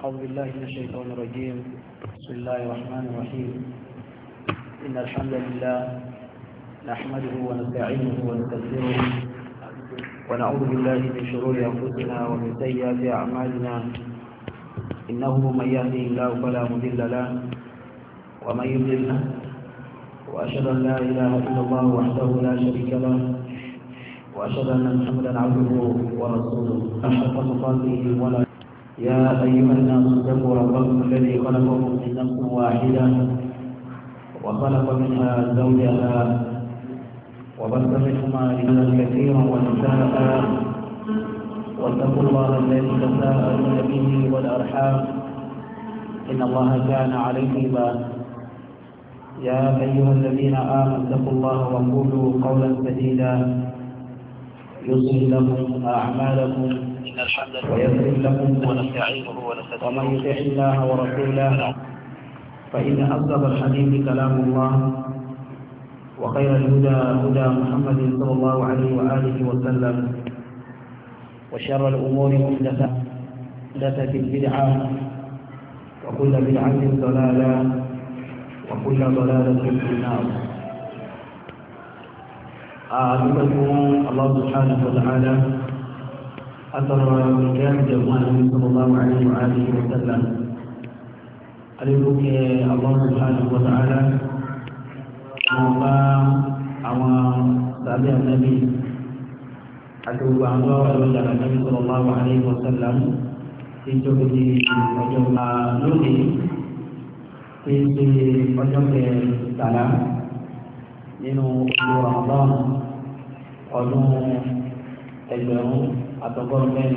أعوذ بالله من الشيطان الرجيم بسم الله الرحمن الرحيم إن الحمد لله نحمده ونستعينه ونستغفره ونعوذ بالله من شرور أنفسنا ومن سيئات أعمالنا إنه من يهده الله فلا مضل له ومن يضلل وأشهد أن لا إله إلا الله وحده لا شريك له وأشهد أن محمدا عبده ورسوله أحق تقاته ولا يا أيها الناس اتقوا ربكم الذي خلقكم من نفس واحدة وخلق منها زوجها وبث منهما رجالا كثيرا ونساء واتقوا الله الذي تساءلون به والأرحام إن الله كان عليكما يا أيها الذين آمنوا اتقوا الله وقولوا قولا سديدا يصل لكم أعمالكم ويغفر لكم ومن يطع الله ورسوله نعم. فإن أصدق الحديث كلام الله وخير الهدى هدى محمد صلى الله عليه وآله وسلم وشر الأمور محدثة البدعة وكل بدعة ضلالة وكل ضلالة في النار أعلمكم آه، الله سبحانه وتعالى أثر جامد النبي صلى الله عليه وآله وسلم عليكم الله سبحانه وتعالى وما أما سابع النبي أتوب عن الله النبي صلى الله عليه وسلم في جهد وجهد نوره في وجهد السلام nínú ọdún Ramadan ọdún ẹgbẹ̀rún atau konten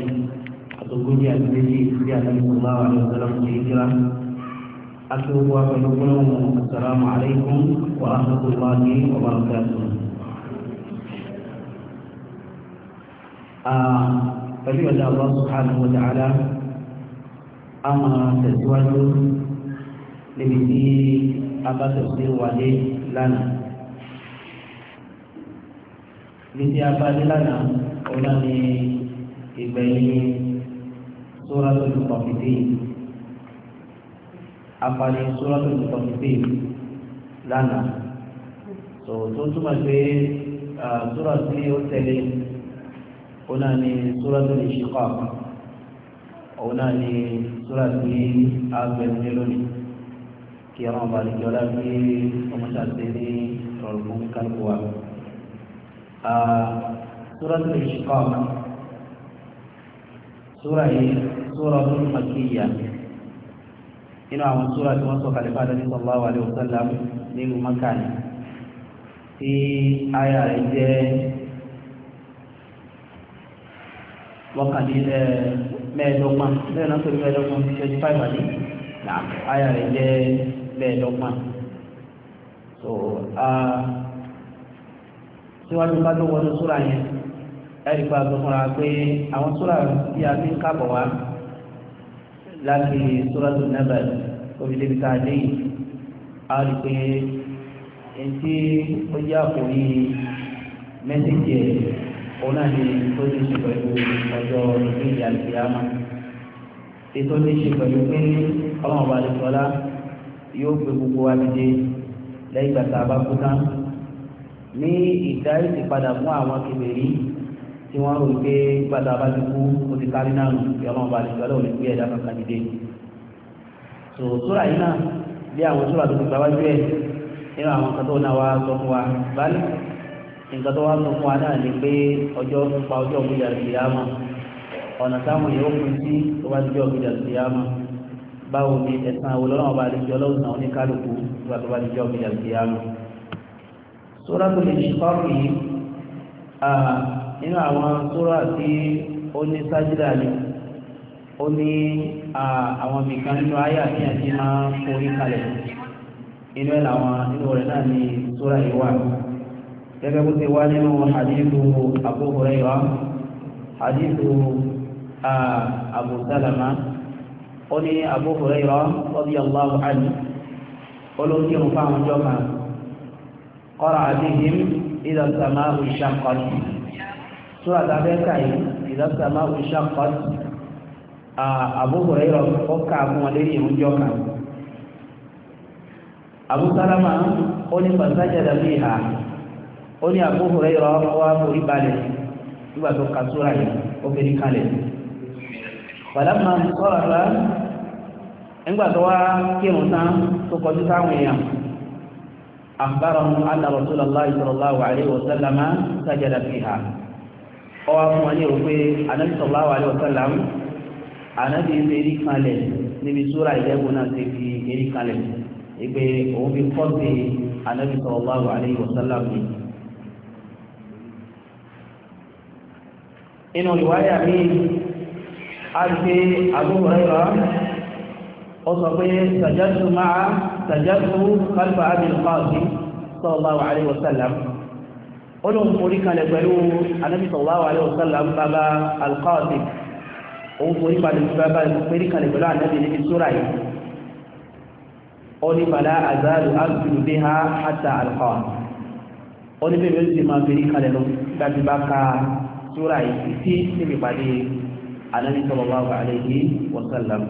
atau gujian berisi dia dari Allah yang dalam kehidupan. Aku wa penukulmu. Assalamualaikum warahmatullahi wabarakatuh. Ah, tapi pada Allah Subhanahu Wa Taala, amal sesuatu lebih di apa sesuatu wajib lana. Di siapa di lana? Orang di ìgbẹ̀yìn Suratul Mutaffifin apani Suratul Mutaffifin lánàá tó tó túmọ̀ pé sura tí ó tẹ̀lé ó náà ní Suratul Inshiqaq òun náà ní sura tí a gbẹ̀mí lónìí kí ọmọ balẹ̀ kí ọlá bí ọmọ ṣàtẹ̀ ní ọ̀rọ̀ fún kálukú wa. Suratul súra yìí súra ọdún màkìyà nínú àwọn súra tí wọ́n sọ kalẹ̀ fún àdáni sallallahu alaihi wasallam nínú makani tí àyà rẹ̀ jẹ́ wọ́kànlélẹ́ mẹ́ẹ̀ẹ́dọ́gbọ̀n bẹ́ẹ̀ náà sọ̀rọ̀ mẹ́ẹ̀ẹ́dọ́gbọ̀n twenty five àdé àyà rẹ̀ jẹ́ mẹ́ẹ̀ẹ́dọ́gbọ̀n so síwájú ká tó wọnú súra yẹn ẹ̀rí pa tó fúnra pé àwọn sóra tí a ti ń kábọ̀ wá láti sóra tó nẹ́bẹ̀ omi débi tá a dé yìí a rí pé etí ó jẹ́ àkòrí mẹ́sẹ̀jì ẹ̀ òun náà ni tó ní ṣe pẹ̀lú ọjọ́ ìlú ìyá ìfìyàmà ètò ní ṣe pẹ̀lú pé ọlọ́run ọba àdìsọ́lá yóò gbé gbogbo wa dìde lẹ́yìn gbàtà abákútán ní ìdá ìsìpadà fún àwọn kèbèrè yìí tí wọ́n rò pé gbàdá bá ti kú ó ti kárí náà nù kí ọlọ́run bá lè gbọ́dọ̀ lè gbé ẹ̀dá kankan dìde. tó sóra yìí náà bí àwọn sóra tó ti gbà wájú ẹ̀ nínú àwọn nǹkan tó náà wá sọ fún wa báyìí nǹkan tó wá sọ fún wa náà ni pé ọjọ́ pa ọjọ́ òkúta ìyáàmà ọ̀nà táwọn yóò pín sí tó bá ti jẹ́ òkúta ìyáàmà báwo ni ẹ̀sán àwọn ọlọ́run bá lè jọ lọ́wọ́ náà oníkálukú nígbà tó bá lè jọ òkúta ìyáàmà. sóra tó lè ṣe fáwọn yìí nínú àwọn sóra tí ó ní sájídà ni ó ní àwọn mìkan nínú àyà tí a ti máa ń forí kalẹ̀ inú ẹ̀ làwọn nínú rẹ̀ náà ní sóra yìí wà gẹ́gẹ́ bó ti wá nínú hadithu Abu Hurairah hadithu Abu Salama ó ní Abu Hurairah radiyallahu anhu olóńtí òun fáwọn ọjọ́ kan qara'a bihim idha as sura tàbẹ́ka yìí ìdásá máa ń ṣàkọ́t Abu Hurairah ọkà fún wọn lérí ìrúnjọ kan Abu Salama ó ní fasajada fiha ó ní Abu Hurairah wá forí balẹ̀ nígbà tó ka sura yìí ó fi ní kalẹ̀ falamma sarafa nígbà tó wá kírun tán tó kọjú táwọn èèyàn akhbarahum anna Rasulullahi sallallahu alaihi wa sallama sajada fiha ọwá fún wọn ní ìrò pé anábì sallallahu alaihi wasallam anábì ń erí kanlẹ̀ níbi súra ìlẹ́gùn náà ti fi erí kanlẹ̀ ìpè òun fi kọ́ sí anábì sallallahu alaihi wasallam ni. inú ìwáyà mi a gbé Abu Hurairah ó sọ pé sajjatu máa sajjatu kálífà Abil Qasim sallallahu alaihi wasallam olóhùn forí kalẹ̀ pẹ̀lú Ànábì sallallahu alaihi wasallam bàbá Al-Qasim òun forí kalẹ̀ pẹ̀lú Ànábì níbi súra yìí ó ní fala azalu abdu biha hatta alqa ó ní bẹ́ẹ̀ bẹ́ẹ̀ sì máa forí kalẹ̀ lọ dájú bá ka súra yìí tí níbi pàdé Ànábì sallallahu alaihi wasallam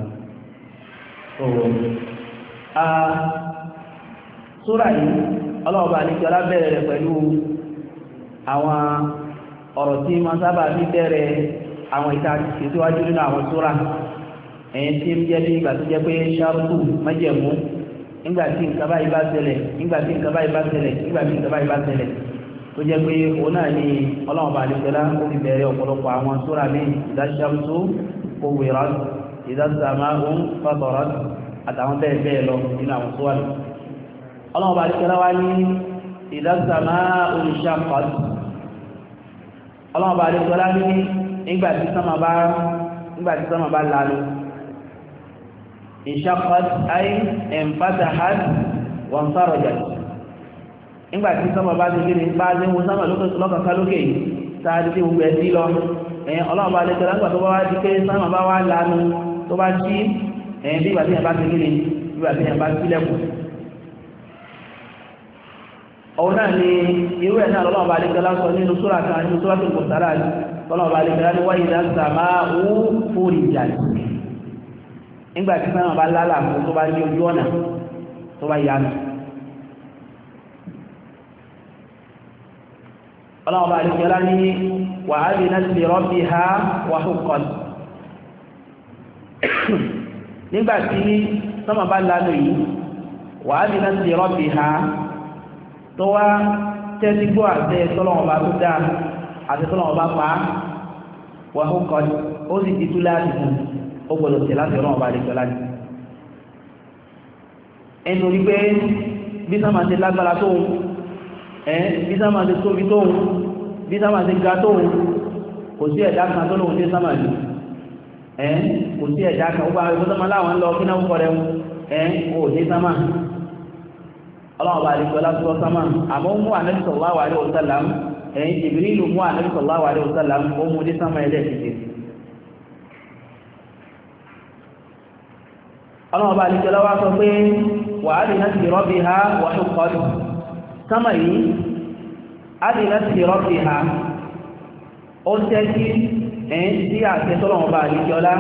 súra ah, yìí ọlọ́ọ̀bà ní àwọn ọ̀rọ̀ tí ma sábà ní bẹ̀rẹ̀ àwọn ìta ìtìwájú nínú àwọn súra ẹ̀yìn tí ń jẹ́ bí ìgbà tó jẹ́ pé ṣáàrùkù májẹ̀mú nígbà tí nǹkan báyìí bá ṣẹlẹ̀ nígbà tí nǹkan báyìí bá ṣẹlẹ̀ nígbà tí nǹkan báyìí bá ṣẹlẹ̀ tó jẹ́ pé òun náà ni ọlọ́run bá àdìsẹ́lá ó fi bẹ̀rẹ̀ ọ̀pọ̀lọpọ̀ àwọn súra ní ìdáṣàmùsù kòwèrán ìdáṣàmáhùn fàtọ̀rán àtàwọn bẹ́ẹ̀ bẹ́ẹ̀ lọ nínú àwọn súra ọlọ́run bá àdìsẹ́lá wá ní ìdáṣàmáhùn ṣàpàtù ọlọ́wọ́n bá lẹ́sọ lábí nígbàtí sánmà bá lálù ìṣàpàt ayé ẹ̀mfàtà hàt wọn sárọjà nígbàtí sánmà bá lẹ́sọ lábí bá lẹ́wọ sánmà lọ́kàkà lókè sáàdìdì gbogbo ẹ̀sí lọ ẹ̀yìn ọlọ́wọ́n bá lẹ́sọ lágbà tó bá wá di pé sánmà bá wá lálù tó bá sí ẹ̀yìn bí ìgbàtí òun náà ni irú ẹ̀ náà lọ́lọ́ọ̀bá alẹ́gbẹ̀lá sọ nínú súra kan nínú súra tó kò sára ní lọ́lọ́ọ̀bá alẹ́gbẹ̀lá ní wáyé náà sàmá ó fòrì ìjà nígbà sáwọn bá lálà tó bá ní ojú ọ̀nà tó bá yánu lọ́lọ́ọ̀bá wàhálì náà sì rọ́bì ha tó wá tẹ́sí gbọ́ àti tọ́lọ́wọ́n bá tó dáa àti tọ́lọ́wọ́n bá pa á wà ó kọ́ ó sì ti tú láti fún ó gbọ́dọ̀ tẹ̀ láti ọlọ́wọ́n bá lè jọ láti. ẹnu rí pé bí sáma ti lágbára tóun ẹ bí sáma ti tóbi tóun bí sáma ti ga tóun kò sí ẹ̀dá kan tó lóun dé sáma yìí ẹ kò sí ẹ̀dá kan ó bá ẹgbẹ́ sọ́mọ láwọn lọ kí náà ń kọ́ rẹ̀ ẹ kò dé sáma ọlọ́run bá àdìgbò lásìkò sámà àmọ́ ó mú ànábì sallallahu alaihi wasallam ẹ̀yìn Jibrilu mú ànábì sallallahu alaihi wasallam ó mú dé sámà ẹlẹ́ẹ̀kejì ọlọ́run bá àdìgbò lọ́wọ́ sọ pé wàhálì náà ti rọ́bì ha wàhálì kọ́lù sámà yìí àdì náà ti rọ́bì ha ó tẹ́tí ẹ̀yìn sí àtẹ́tọ́lọ́run bá àdìgbò lá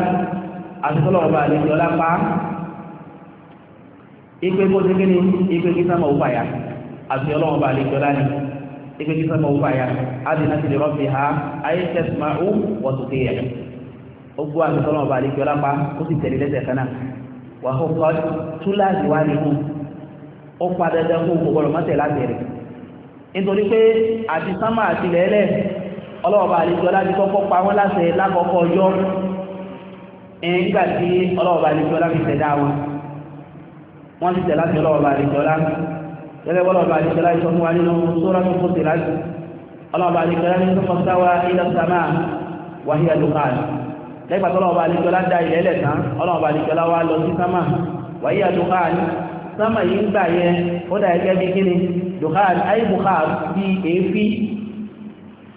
àtẹ́tọ́lọ́run bá àdìgbò lá pa á ikpe kó ṣe kíni ipe kí ya àti ọlọ́run ikpe ni ma ụba ya adìna ti ha aye tẹ̀sùmá ma wọ̀tún ọtụtụ yẹ ó gbọ́ àti ọlọ́run bá lè jọlá pa ó sì tẹ̀lé lẹ́sẹ̀ kan náà nítorí pé àti àti lẹ́lẹ̀ ti kọ́kọ́ pa wọ́n láṣẹ lákọ̀ọ́kọ́ wọ́n ti tẹ̀lá tẹ̀lọ́ ọba àdìjọ́lá gẹ́gẹ́ bọ́lá ọba àdìjọ́lá ìṣọ́ fún wa nínú sóra tó fòsè láti ọlọ́ọ̀ba àdìjọ́lá ní tó fọ́sá wa ilẹ̀ sàmà wà hí àdùkàn lẹ́gbà tọ́lọ́ọ̀ba àdìjọ́lá da ilẹ̀ ẹlẹ̀ tán ọlọ́ọ̀ba àdìjọ́lá wa lọ sí sàmà wà hí àdùkàn sàmà yìí ń gbà yẹn ó dà gẹ́gẹ́ bí kíni dùkàn ayé bí èéfì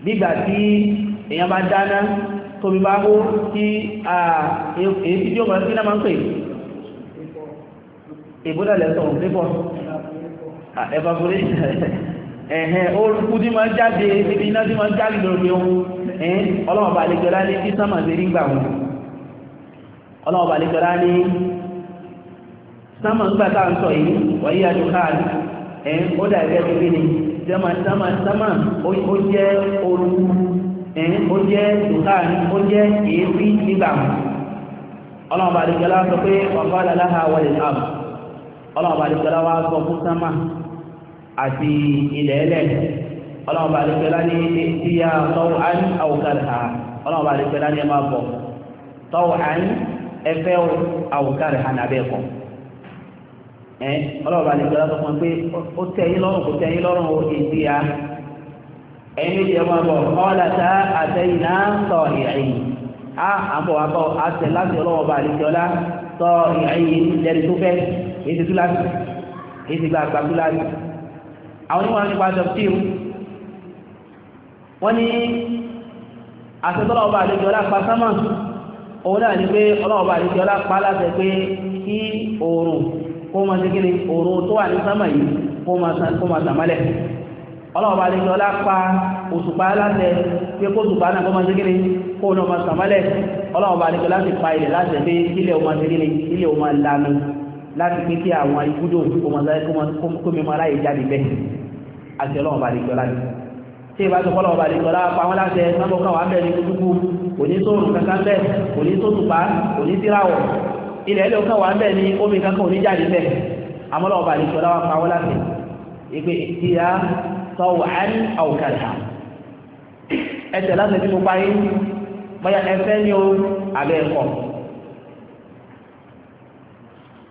gbígbà tí èèyàn bá dáná tóbi bá hó tí èéfì tí ó mọ̀ sí ìbúdàlẹ̀ sọ̀rọ̀ pípọ̀ evaporation orúkú tí máa jáde ibi iná tí jáde lórí ohun ẹ̀hìn ọlọ́ọ̀bà àlejọ́lá ní kí sí rí gbà ọlọ́ọ̀bà àlejọ́lá ní ọlọ́ọ̀bà sọ pé náà ọlọ́ọ̀bà àdìsọ́lá wa sọ fún sánmà àti ilẹ̀ ẹlẹ̀ ọlọ́ọ̀bà àdìsọ́lá ní tí a tọ́wọ́ án àwùkárà ọlọ́ọ̀bà àdìsọ́lá ní ẹ máa bọ̀ tọ́wọ́ án ẹfẹ́ àwùkárà hàn abẹ́ kọ̀ ẹ ọlọ́ọ̀bà àdìsọ́lá sọ fún pé ó tẹ̀yìn lọ́rùn kò tẹ̀yìn lọ́rùn ó ti di a ẹni tí ẹ bọ̀ ọ̀làtà àtẹ̀yìn náà sọ ìrìn èyí ti túláàsì èyí ti gba àgbà túláàsì àwọn onímọ̀ nípa tẹ̀síìrù wọ́n ní àṣetọ́lọ́ ọba àlejò ọlápá sámà òun náà ni pé ọlọ́ọ̀ba àlejò ọlápá láti pé kí oòrùn kó máa ṣe kíni oòrùn tó wà ní sámà yìí kó máa sàmálẹ̀ ọlọ́ọ̀ba àlejò ọlápá òṣùpá láti pé kó òṣùpá náà kó máa ṣe kíni kó náà máa sàmálẹ̀ ọlọ́ọ̀ba àlejò láti pa ilẹ̀ láti pé ilẹ̀ òun máa ṣe kíni ilẹ̀ òun máa lanu láti pé kí àwọn ibùdó kómọmọ aláyè jáde bẹ́ẹ̀ àti ọlọ́run bá lè jọ láti tí ìbá tó kọ́lọ̀ ọba lè jọ lápá wọn láti ẹ̀ mọ́bọ̀ kan wà ń bẹ̀rẹ̀ dúdúkú òní tóòrùn kankan bẹ́ẹ̀ òní tóòtùpá òní tíráwọ̀ ilẹ̀ ilẹ̀ kan wà ń bẹ̀ ní omi kankan òní jáde bẹ́ẹ̀ àmọ́lọ́ ọba lè jọ lápá wọn láti ìgbé ìtìyà sọ̀wọ̀ àní àwòkàdà ẹsẹ̀ láti fi mo parí bóyá ẹfẹ́ ni ó àbẹ́ ẹ̀kọ́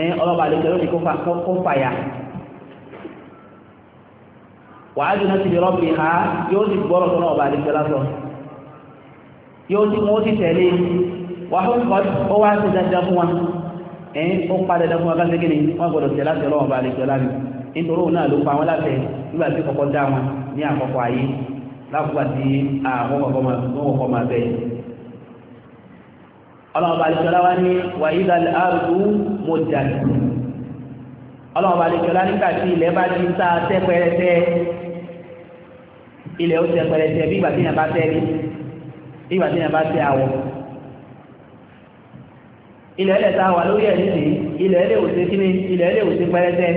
ẹ̀yìn ọlọ́pàá lè tẹ́lọ́ ní kó fàyà wàájú náà ti lè rọ́bì ha yóò ti gbọ́rọ̀ tó náà ọba lè tẹ́lá sọ yóò tẹ̀lé ó wá sí fún wa ó pa fún wa wọ́n gbọ́dọ̀ lè tẹ́lá mi nítorí òun náà ló pa wọn láti nígbà tí kọ́kọ́ dá wọn ní àkọ́kọ́ ayé àwọn máa bẹ̀rẹ̀ ọlọ́ọ̀bá alìṣọ́lá wá ní wàyídà àrùdú mọ̀jàdì ọlọ́ọ̀bá alìṣọ́lá nígbà tí ilẹ̀ bá ti ta tẹ́ pẹrẹtẹ ilẹ̀ ó tẹ́ pẹrẹtẹ bí ìgbà tí yàn bá tẹ́ rí bí ìgbà tí yàn bá tẹ́ àwọ̀ ilẹ̀ ẹlẹ̀ tá wà lórí ẹ̀rí sí ilẹ̀ ẹlẹ̀ ò sí kíni ilẹ̀ ẹlẹ̀ ò sí pẹrẹtẹ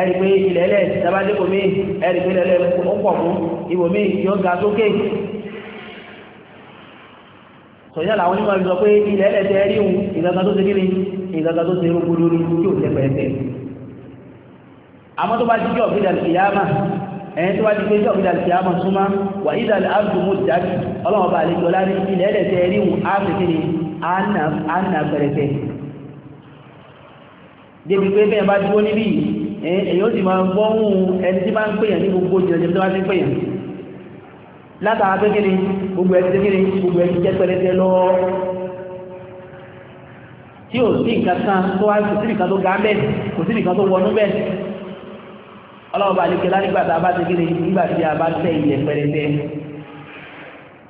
ẹ̀rí pé ilẹ̀ ẹlẹ̀ tábàdé kò mí ẹ̀rí pé ilẹ̀ ẹlẹ̀ ó pọ̀ fún ibòmí yóò ga sókè sọ̀yá làwọn onímọ̀ ìjọ pé ilẹ̀ ẹlẹ́tẹ̀ rí ohun ìgbàgbà tó ṣe kí ni ìgbàgbà tó ṣe rúgbó lórí tí ò tẹ́pẹ̀ ẹ̀tẹ̀ àmọ́ tó bá jíjọ́ òfin dàlùkìyàmà ẹ̀yìn tó bá jí pé jíjọ́ òfin dàlùkìyàmà súnmọ́ wà ìdàlù àbùmù dájú ọlọ́wọ́ bá àlejò ọlá ní ilẹ̀ ẹlẹ́tẹ̀ rí ohun áfíkì ni àánà pẹ̀rẹ̀tẹ̀ débi pé bẹ́ẹ̀ bá dúró níbí èyí ó sì máa gbọ́ ohun ẹni tí máa ń pèèyàn ní gbogbo jìnnà jẹ́ tó bá ti pèèyàn látara pé kíni gbogbo ẹtí kíni gbogbo ẹtí jẹ pẹlẹtẹ lọ tí o sí nǹkan kan tó wá kò sí nǹkan tó ga bẹ kò sí nǹkan tó wọnú bẹ ọlọ́wọ́ bá lékelá nígbà tá a bá ti kíni nígbà tí a bá tẹ ilẹ̀ pẹlẹtẹ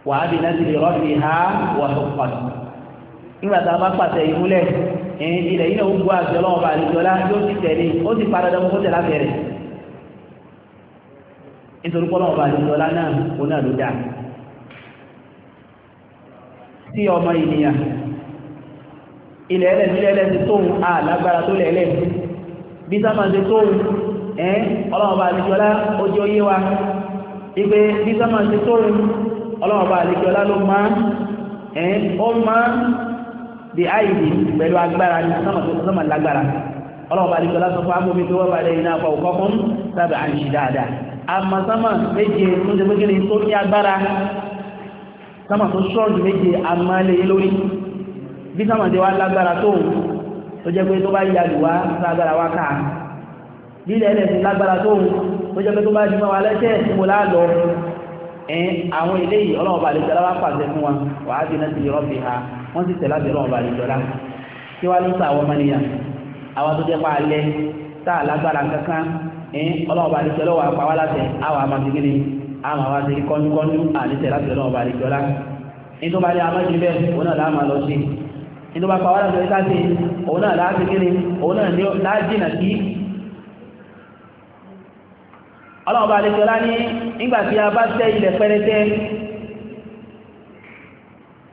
wà á bí náà lè rọ́ọ̀tì ha wà tó pàtó nígbà bá pàtẹ ìmúlẹ̀ ilẹ̀ yìí náà ó gbọ́ àti ọlọ́wọ́ bá lékelá yóò ti tẹ̀lé ó ti padà dánwó tẹ̀lá bẹ̀rẹ̀ nítorí pọ́lọ́ ọba àdìsọ́lá náà ó náà ló dá tí ọmọ ènìyàn ilẹ̀ ẹlẹ́ nílẹ̀ ẹlẹ́ ti tóun alágbára tó lẹ̀ ẹlẹ́ bí sábà ti tóun ẹ́ ọlọ́ọ̀bá àdìsọ́lá ó jẹ́ oyé wa ipe bí sábà ti tóun ọlọ́ọ̀bá àdìsọ́lá ló má ẹ́ ó má bí àìdì pẹ̀lú agbára ní sábà lágbára ọlọ́ọ̀bá àdìsọ́lá sọ fún amómi pé wọ́n bá lẹ́yìn náà fọ àmọ́ sámà méje tó ń jẹ́gbé kíni tó ní agbára sámà tó ṣọ́ọ̀jù méje àmọ́ lè yé lórí bí sámà tí wá lágbára tó tó jẹ́ pé tó bá yà lù wá lágbára wá káà bí ilẹ̀ ilẹ̀ sí lágbára tó tó jẹ́ pé tó bá jù mọ́ wa lẹ́sẹ̀ tí mo láàlọ́ ẹ̀yìn àwọn ilé yìí ọlọ́run bá lè jọra wá pàṣẹ fún wa wàá bí náà ti yọrọ fi ha wọ́n sì tẹ̀lá bẹ̀rẹ̀ ọba lè jọra kí wá ló sàwọn jẹ́ ọlọ́ọ̀bá àdìsẹ́ lọ́wọ́ àpáwá láti àwọn àmàdìgínì àwọn àwọn àti kọ́nukọ́nu àdìsẹ́ láti ọlọ́ọ̀bá àdìsẹ́ ọlá nítorí bá dé amájú bẹ́ẹ̀ òun náà láàmà lọ sí nítorí bá pàwọ́ láti ọjọ́ sí òun náà láti kíni òun náà láàjìnà sí ọlọ́ọ̀bá àdìsẹ́ ọlá ní nígbà tí a bá tẹ́ ilẹ̀ pẹ́rẹ́tẹ́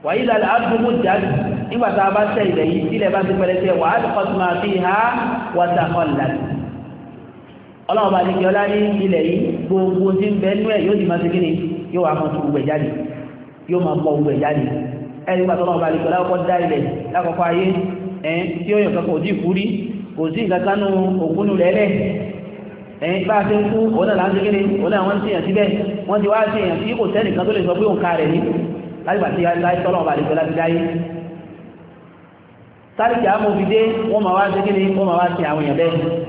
wàyí ìlàlẹ̀ àdúgbò jáde nígbà tí a bá tẹ́ ilẹ̀ yìí sílẹ̀ bá ti pẹ́rẹ́tẹ́ wàá ọlọ́ọ̀bá àdíkẹ́ ọlá ní ilẹ̀ yìí gbogbo tí ń bẹ̀ẹ́nú ẹ̀ yóò di máa ṣekí ni yóò wà máa tún gbẹ̀ jáde yóò máa pọ̀ gbẹ̀ jáde ẹni pàtó ọlọ́ọ̀bá àdíkẹ́ ọlá kọ́kọ́ dá ilẹ̀ lákọ̀ọ́kọ́ ayé ẹ̀ẹ́n tí ó yàn kankan òdì ìkúrí kò sí ìkankanú òkúnnù lẹ́lẹ̀ ẹ̀yìn bá a ti ń kú òun náà láti kíni ni, náà wọ́n ti yàn síbẹ̀ wọ́n ti wá sí yàn tí kò sẹ́nìkan tó lè sọ pé òun ká rẹ̀ ní lágbà tí láì tọ́lọ̀ ọba àdìgbò láti dáyé sáríkì àmọ́ òfin dé wọ́n máa wá sí kíni wọ́n máa wá sí àwọn èèyàn bẹ́ẹ̀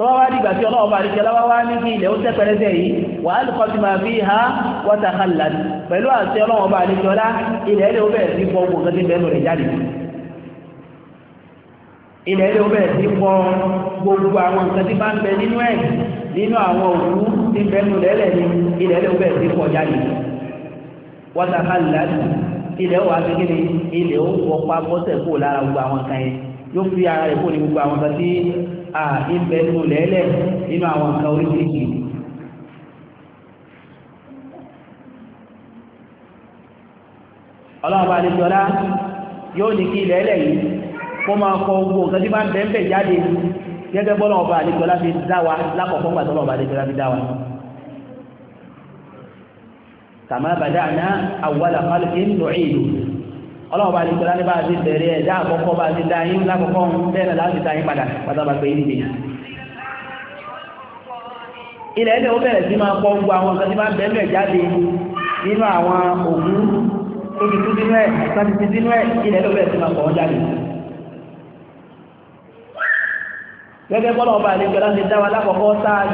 tọ́wọ́ wá dìgbà tí ọlọ́ọ̀bá àríkẹ́ lọ́wọ́ wá ní kí ilẹ̀ ó tẹ́ pẹ̀lẹ́sẹ̀ yìí wà á lùkọ́ ti máa fi ha wọ́ta kàlà pẹ̀lú àti ọlọ́ọ̀bá àríkẹ́ ọlá ilẹ̀ ilẹ̀ ó bẹ̀rẹ̀ sí bọ́ ogun kẹ́tí bẹ́ẹ̀ rẹ̀ jáde ilẹ̀ ilẹ̀ ó bẹ̀rẹ̀ sí bọ́ gbogbo àwọn nǹkan tí bá ń bẹ nínú ẹ̀ nínú àwọn òkú tí bẹ́ẹ̀nu rẹ̀ kó à ìbẹ̀ nù lẹ́lẹ̀ nínú àwọn nǹkan oríṣiríṣi ọlọ́ọ̀bá àdìsọ́lá yóò ní kí ilẹ̀ẹ́lẹ̀ yìí kó máa kọ ogun ọ̀gá tí bá ń bẹ̀ẹ̀bẹ̀ jáde gẹ́gẹ́ bọ́lọ́ọ̀bá àdìsọ́lá fi dáwà lákọ̀ọ́kọ́ gbà tọ́lọ́ọ̀bá àdìsọ́lá fi dáwà kàmá bàdá àná àwọ̀lá fálùkì ń lọ èèlò ọlọ́run bá lè gbọ́dá ní bá a ti bẹ̀rẹ̀ ẹ̀dá àkọ́kọ́ bá a ti dá yín lákọ̀ọ́kọ́ bẹ́ẹ̀ náà láti dá yín padà pátápá pé yín nìyẹn. ilẹ̀ ẹ̀dẹ̀ ó bẹ̀rẹ̀ sí máa kọ́ gbogbo àwọn ọ̀sán tí máa bẹ̀rẹ̀ jáde nínú àwọn ògún omi tó sínú ẹ̀ láti ti sínú ẹ̀ ilẹ̀ ẹ̀dẹ̀ ó bẹ̀rẹ̀ sí máa kọ́ wọn a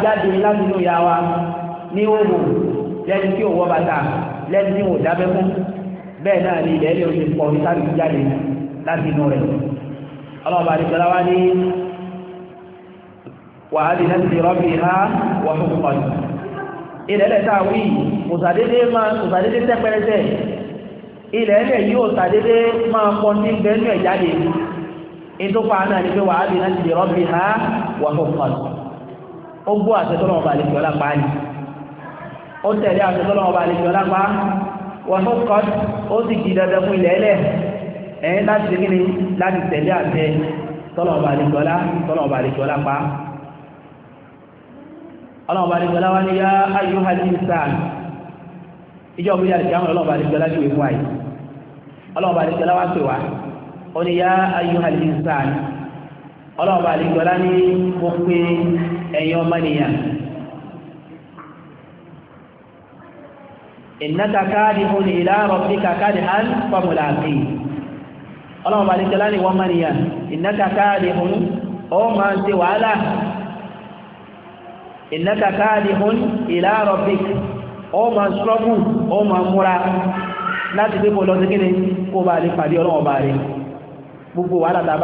jáde láti inú ìyá wa ní òògùn lẹ́ni tí òwò bàtà bẹ́ẹ̀ náà ni ilẹ̀ ilẹ̀ oṣù kọ̀ ìtàbí jáde láti inú rẹ̀ ọlọ́ọ̀bà àdìsọ́lá wá ní wàhálì láti fi rọ́bì ha wọ́n fún pọ̀ ilẹ̀ ilẹ̀ táà wí mùsàdédé máa mùsàdédé tẹ́pẹ́rẹ́sẹ̀ ilẹ̀ ilẹ̀ yóò sàdédé máa pọ̀ sí bẹ́ẹ̀nù ẹ̀ jáde ìtòpá náà ni pé wàhálì láti fi rọ́bì ha wọ́n fún pọ̀ ó gbọ́ àtẹ́tọ́lọ́ọ̀bà àdìsọ́lá pa á ní ó tẹ̀lé àtẹ́tọ́lọ́ọ̀bà àdìsọ́lá pa á wọ̀nú kan ó sì di dandan fún ilẹ̀ ẹlẹ̀ ẹ̀yìn láti ṣe kíni láti tẹ̀lé àtẹ tọ́lọ̀ọ̀bà pa ọlọ́ọ̀bà wá ní yá ayyuhal insan ìjọ òbí yà ìjáwọn wá ó ní yá ní ìnáka káàdì òní ìlàrọ̀ bí kàkàdì hàn fọ́mùlà àti ọlọ́run balẹ̀ jẹ́lá ni wọ́n mẹ́rìyà ìnáka káàdì òun ó máa ń ṣe wàhálà ìnáka káàdì òun ìlàrọ̀ bí ó máa ṣọ́gù ó máa múra láti pé kó lọ sí kíni kó bá lè pàdé ọlọ́run bá rẹ̀ gbogbo wàhálà tá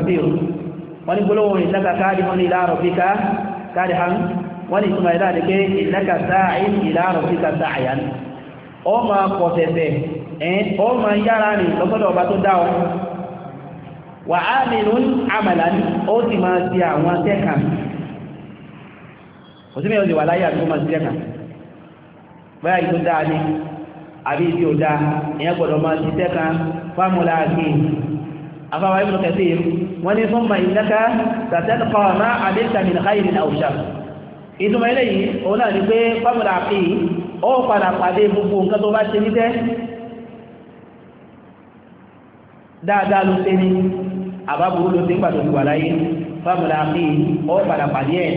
a bá wọ́n ní gbólóhùn ìlẹ́ka káàdì wọn ní ìlàrọ̀ fi ká káàdì hàn wọ́n ní ìtumọ̀ ìlà àdìké ìlẹ́ka sáàì ìlàrọ̀ fi ká sáàyàn ó máa pọ̀ tẹ̀tẹ̀ ó máa yára rìn lọ́sọ́dọ̀ ọba tó dá ọ wà á nínú àmàlà ní ó sì máa ṣe àwọn tẹ́ka kò sí mẹ́rin wà láyé àdúgbò máa ṣe ni àbí ìdí ò dáa ìyẹn gbọ́dọ̀ máa ṣe tẹ́ka fámúlà àgbè afáwà ibùdó kẹsí ìrú wọ́n ní fún màílẹ́ka tàtẹ́lẹ̀kọ́ ma àdínkà ní káyìí ní àwùjá ìtumọ̀ ilé yìí òun náà ni pé pàmùlà àpì ó padà pàdé gbogbo nǹkan tó bá ṣe ní tẹ́ dáadáa ló ṣe ní àbábúrú ló ṣe ń pàtó ìwà láyé pàmùlà àpì ó padà pàdé ẹ̀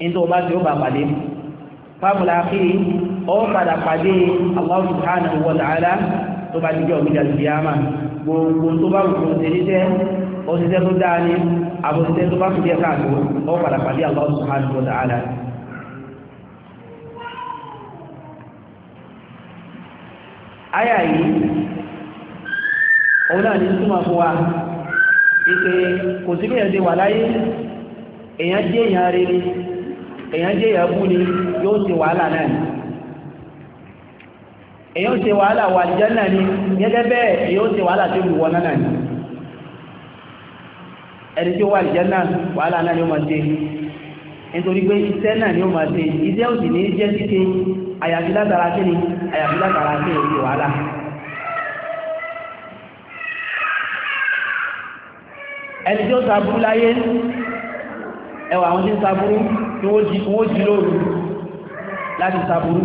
ní tó bá ṣe ó bá pàdé pàmùlà àpì ó padà pàdé Allah subhanahu wa ta'ala tó bá ti jẹ́ òmìnira gbogbo tó bá wù kó tẹ̀lé tẹ́ òṣìṣẹ́ tó dáa ní àbòṣìṣẹ́ tó bá fi jẹ́ káàdù o padà pàdé Allah subhanahu wa ta'ala àyà yìí òun náà ní túmọ̀ fún wa ìpè kò sí bíyànjú wà láyé èèyàn jẹ́ èèyàn rere èèyàn jẹ́ èèyàn bú ni yóò ti wàhálà náà èyàn ṣe wàhálà wà jẹ́nà ni gẹ́gẹ́ bẹ́ẹ̀ èyàn ṣe wàhálà tí ó lù wọ́n náà ni ẹni tí ó wà jẹ́nà wàhálà náà ni ó máa ṣe nítorí pé iṣẹ́ náà ni ó máa ṣe iṣẹ́ òsì ní jẹ́ títí àyàfi látara kí ni àyàfi látara kí ni wàhálà ẹni tí ó sàbúrú láyé ẹwà àwọn tí ń sàbúrú ni wọ́n jí lóru láti sàbúrú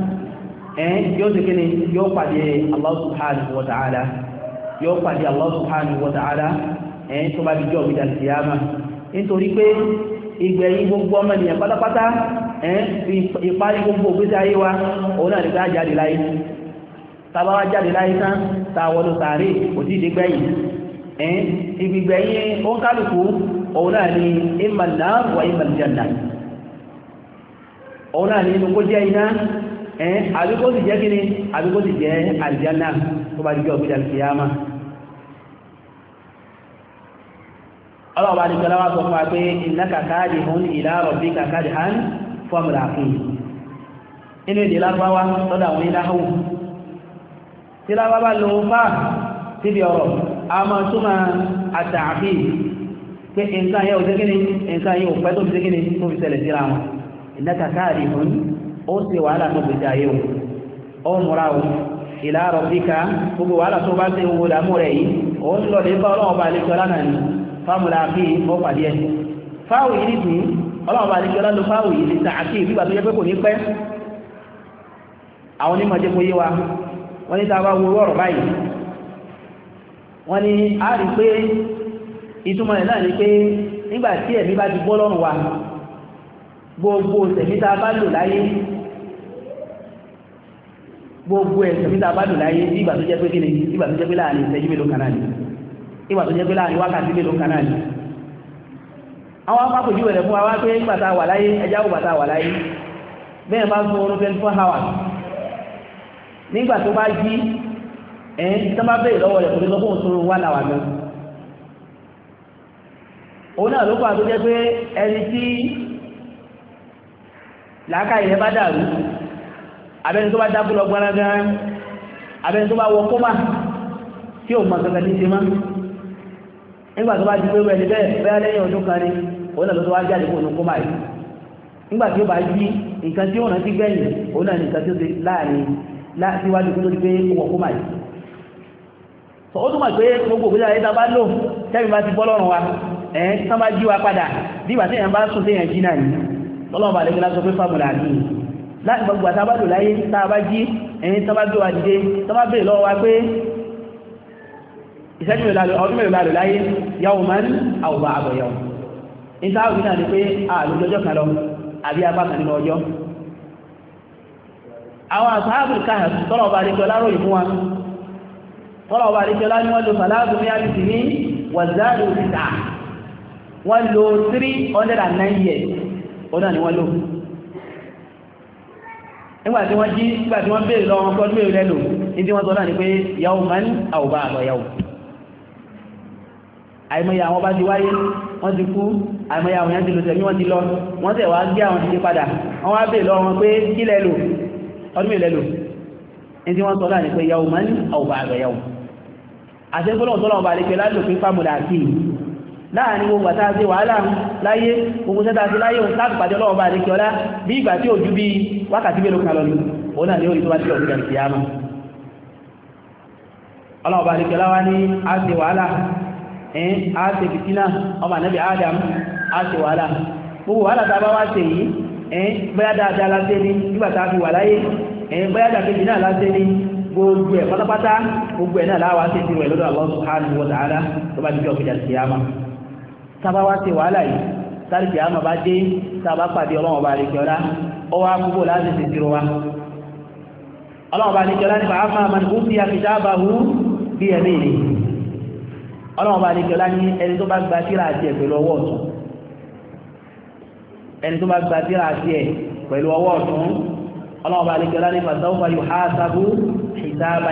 ẹ̀ẹ́n yóò ti kí ni yóò pàdé Allah subhanahu wa ta'ala yóò pàdé Allah subhanahu wa ta'ala ẹ̀ẹ́n tó bá di jọ́ ìdá kìyàmà nítorí pé ìgbẹ̀yìn gbogbo ọmọ ènìyàn pátápátá ẹ̀ẹ́n ìparí gbogbo ògbésí ayé wa òun náà nígbà jáde láyé tábáwá jáde láyé tán táwọlú tààrí kò tí ìdígbẹ̀yìn ẹ̀ẹ́n ìgbìgbẹ̀yìn ó ń kálùkù òun náà ni imma an òun náà ni inú kó jẹ́ iná ẹ̀yìn àbíkó sì jẹ́ kíni àbíkó sì jẹ́ àlìjánà tó bá jíjọ́ òkúta kìyàmá ọlọ́ọ̀bá ní kọlọ́wà sọ fún wa pé innaka kadihun ila rabbika kadihan famlaqi inú ìdí lápáwá lọ́dọ̀ àwọn iláhùn tí lápáwá lò ń fà síbi ọ̀rọ̀ a máa túmọ̀ àtàkì pé nǹkan yẹ́ òṣèkíní nǹkan yẹ́ òpẹ́ tó fi ṣe kíní tó fi ṣẹlẹ̀ síra wọn innaka kadihun ó ṣe wàhálà tó gbèsè ayé o ó múra o ìlà rọ̀bíkà gbogbo wàhálà tó bá ṣe wo dàmú rẹ̀ yìí ó ń lọ lè bá ọlọ́wọ́ na náà ní fámúlà bí ó pàdé ẹ̀ fáwù yìí nìkú ọlọ́wọ́ bá ló fáwù yìí ní sàákì ìgbà tó yẹ pé kò ní pẹ́ àwọn onímọ̀ yé wa wọ́n ní wo ọ̀rọ̀ báyìí wọ́n ní a rí pé ìtumọ̀ rẹ̀ náà ni pé nígbà gbogbo tẹ̀mítà bá lò láyé gbogbo tẹ̀mítà bá lò láyé bí ìgbà tó jẹ́ pé kí ni ìgbà tó jẹ́ pé láàrin ìṣẹ́jú mélòó kan náà ni ìgbà tó jẹ́ pé láàrin wákàtí mélòó kan náà ni àwọn apákojú rẹ̀ fún wa pé ìgbà tá a wà láyé ẹjá ògbà tá a wà láyé bẹ́ẹ̀ bá fún oorun twenty four hours nígbà tó bá jí ẹ̀yìn tó bá bẹ̀rẹ̀ lọ́wọ́ rẹ̀ kò ní sọ fún òṣòro wà láwà gan òun náà ló kọ́ àtúnjẹ́ pé ẹni tí laka ilẹ̀ bá dàrú abẹ́ni tó bá dákú lọ gbọ́nagán abẹ́ni tó bá wọ kọ́mà tí ò mọ̀ kankan ní ṣe má nígbà tó bá di pé wẹ́ni bẹ́ẹ̀ bẹ́ẹ̀ lẹ́yìn ọdún kan ni òun náà ló tó wá jáde kó òun kọ́mà yìí nígbà tí ó bá jí nǹkan tí ó rán sí gbẹ̀yìn òun náà nǹkan tí ó láàrin síwájú tó pé wọ kọ́mà yìí sọ ó túnmọ̀ pé gbogbo òbí láyé tá bá lò tẹ́mi bá ti bọ́ lọ́rùn wa ẹ̀ẹ́n tán bá jí wa padà bí ìgbà tí èèyàn bá sùn sí èèyàn jí náà nìyí ọlọ́run bá lẹ́gbẹ̀lá sọ pé fámùlà àti láti gbogbo àtàbádò láyé tàbá jí ẹ̀yìn tàbá gbé wa dìde tàbá bèèrè lọ́wọ́ wa pé ìṣẹ́jú ọdún mẹ́rin láàrù láyé yàwó máa ń àwòbá àbọ̀yàwó ìtàwò náà ni pé àlùjọjọ́ kan lọ àbí abákan nínú ọjọ́ àwọn àsáàbù káà tọ́lọ̀ ọba àríkẹ́ years ọ̀nà ni wọ́n lò nígbàtí wọ́n jí nígbàtí wọ́n bèèrè lọ wọn kọjú èrè lò ní tí wọ́n sọ náà ni pé yàwó máa ń àwòbá àlọ́ yàwó àìmọye àwọn bá ti wáyé wọ́n ti kú àìmọye àwọn èèyàn ti lò tẹ̀mí wọ́n ti lọ wọ́n tẹ̀ wá gbé àwọn ti padà wọ́n wá bèèrè lọ wọn pé kí lẹ lò ọdún ìlẹ lò ní tí wọ́n sọ náà ni pé yàwó máa ń àwòbá àlọ́ yàwó àti gbọ́dọ̀ tọ́lọ̀ ọba àlejò lálòpín fámúlà láàrin gbogbo àtàzí wàhálà láyé gbogbo sẹ́ta sí láyé òun láti pàdé ọlọ́wọ́ bá àríkẹ́ ọlá bí ìgbà tí ò ju bí wákàtí mélòó kan lọ ní òun náà ní orí tó bá tílọ̀ nígbà ìkìyà mọ́ ọlọ́wọ́ bá àríkẹ́ ọlá wá ní a ṣe wàhálà ẹ́n a ṣe fìtínà ọmọ ànẹ́bì Adam a ṣe wàhálà gbogbo wàhálà tá a bá wá ṣe yìí ẹ́n bóyá dáadáa láṣẹ́ ní nígbà tá a fi wà láyé ẹ́n bóyá dàkejì náà láṣẹ́ ní gbogbo ẹ̀ pátápátá gbogbo ẹ̀ náà láwàá ṣe ti rẹ̀ lọ́dọ̀ Allah subhanahu wa ta'ala tó bá ti jọ kejì àti kìyàmá tábà wá ṣe wàhálà yìí sáré àmọ́ bá dé tábà pàdé ọlọ́run ọba àlejòlá ó wá púpọ̀ láti ṣe tìrọ wa ọlọ́run ọba àlejòlá ní bàá máa mọ̀nìkú sí àfihàn àbáwú bí ẹ̀mí ni ọlọ́run ọba àlejòlá ní ẹni tó bá gba tírà àti ẹ̀ pẹ̀lú ọwọ́ ọ̀tún ẹni tó bá gba tírà àti ẹ̀ pẹ̀lú ọwọ́ ọ̀tún ọlọ́run ọba àlejòlá ní fàtàwọ́fà yóò há sábú ìsáàbà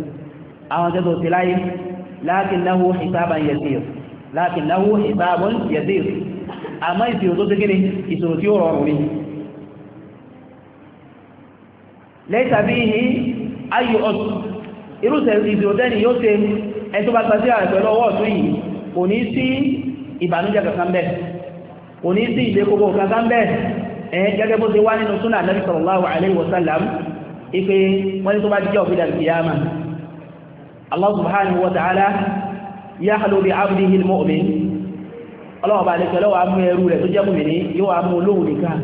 àwọn tẹ́tò sí láyé láàkín láwó ìsáàbà yẹ̀sìr láàkín láwó ìsáàbà yẹ̀sìr àmọ́ ìṣirò tó tẹ́kẹ́ni ìṣirò tí ó rọrùn ni lẹ́sà bí i ayò ọ̀tún irúsẹ̀ ìṣirò tẹ́ni yóò ṣe ẹ̀tọ́ bá gbàṣẹ́ àrẹ̀ pẹ̀lú yìí kò ní sí ìbànújẹ́ Allah subhanahu wa ta'ala yahlu bi 'abdihi al-mu'min ọlọ́wọ́ bá lẹ́kẹ̀ẹ́ lọ́wọ́ amú ẹrú rẹ̀ tó jẹ́ mú mìíní yóò amú lóhùn nìkan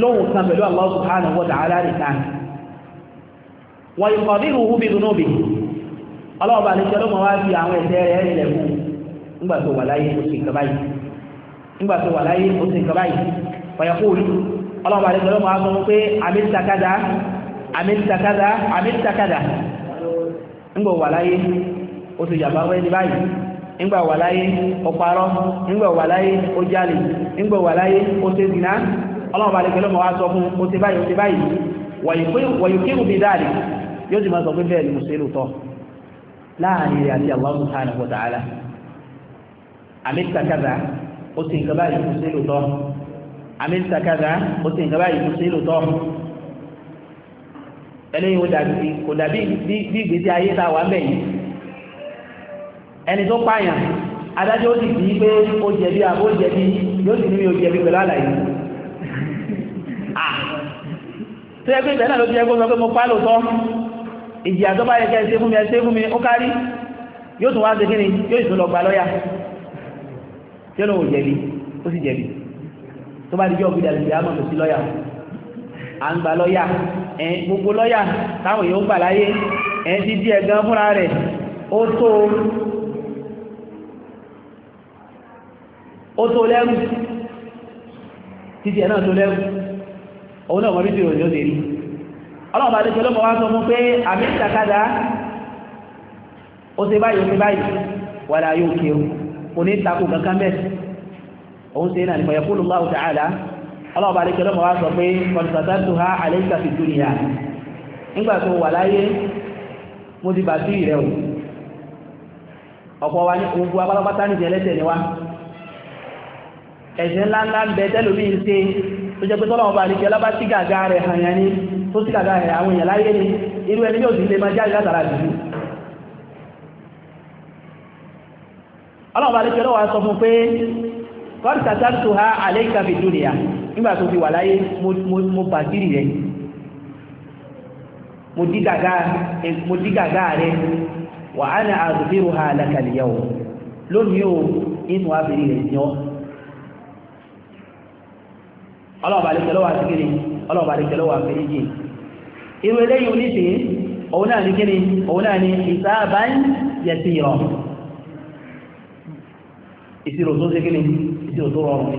lóhùn kan pẹ̀lú Allah subhanahu wa ta'ala nìkan wa yuqadiruhu bi dhunubihi ọlọ́wọ́ bá lẹ́kẹ̀ẹ́ lọ́wọ́ wá bí àwọn ẹ̀ṣẹ̀ rẹ̀ rẹ̀ mú nígbà tó wà láyé ó sì kaba yìí nígbà tó wà láyé ó sì kaba yìí fayaqulu ọlọ́wọ́ bá lẹ́kẹ̀ẹ́ lọ́wọ́ wá sọ pé amilta kadha amilta kadha ńgbà wà láyé ó ti jàmbá wẹ́ ní báyìí ńgbà wà láyé ó parọ́ ńgbà wà láyé ó jalè ńgbà wà láyé ó ṣe zìnà ọlọ́run bá lè pẹ̀lú ọmọ wa sọ fún ó ti báyìí ó ti báyìí wọ̀yùkírù bí dáàlì yóò ti máa sọ pé bẹ́ẹ̀ ni mo ṣe láàrin àti Allah subhanahu wa ta'ala àmìtàkàdà ó ti nǹkan báyìí mo eléyìí ó dàbí kò dàbí bí ìgbésí ayé tá a wà mẹ́yìn ẹni tó pààyàn adájọ́ ó sì bí pé ó jẹ̀bi àbó jẹ̀bi yóò sì ní mi ò jẹ̀bi pẹ̀lú àlàyé ah! tó yẹ ló ti yẹ sọ pé mo pa lóòótọ́ ìjì àtọ́bá yẹ kẹ́ ṣe fún mi ẹ ṣe fún mi ó kárí yóò ni yóò sì tún lọ gba lọ́yà tí ó lóun ò jẹ̀bi ó sì jẹ̀bi tó bá à ń gba lọ́yà ẹ̀ gbogbo lọ́yà táwọn èèyàn ń gbà láyé ẹ̀ ti di ẹ̀gán fúnra rẹ̀ ó tó ó tó lẹ́rù títí ẹ̀ náà tó lẹ́rù òun náà mọ̀ bí tìrò yóò tèrí ọlọ́ọ̀bá tó tẹ́lọ́mọ̀ wá sọ mú pé àmì ìtàkádá ó ṣe báyìí ó ṣe báyìí wà láyé òkè òní takò kankan bẹ́ẹ̀ òun ṣe náà nìkan yẹ kúlù láwùtà àdá ọlọ́ọ̀bá lè kẹlọ́mọ̀ wá sọ pé kọ̀ǹtàtàtù ha àlẹ́kà fi dúnìyà nígbà tó wà láyé mo ti bàtí rẹ̀ o ọ̀pọ̀ wa ní gbogbo apálápátá ní ìjẹ́lẹ́sẹ̀ ni wá ẹ̀ṣẹ̀ ńláńlá ń bẹ tẹ́lómi ń ṣe tó ni irú ẹni yóò sì wa fi nígbà tó fi wà láyé mo bàgírì rẹ̀ mo dí gàgá rẹ̀ wà á ní àdùbírò ha alákàlìyà o lónìí o inú àbìrí rẹ̀ ní ọ́ ọlọ́ọ̀bà lè tẹ́lọ́wà sí kiri ọlọ́ọ̀bà lè tẹ́lọ́wà fèrè jì irú eléyìí oníṣe òun náà ní kiri òun náà ní ìsáàbá ń ìṣirò tó ṣe kiri ìṣirò tó rọrùn ni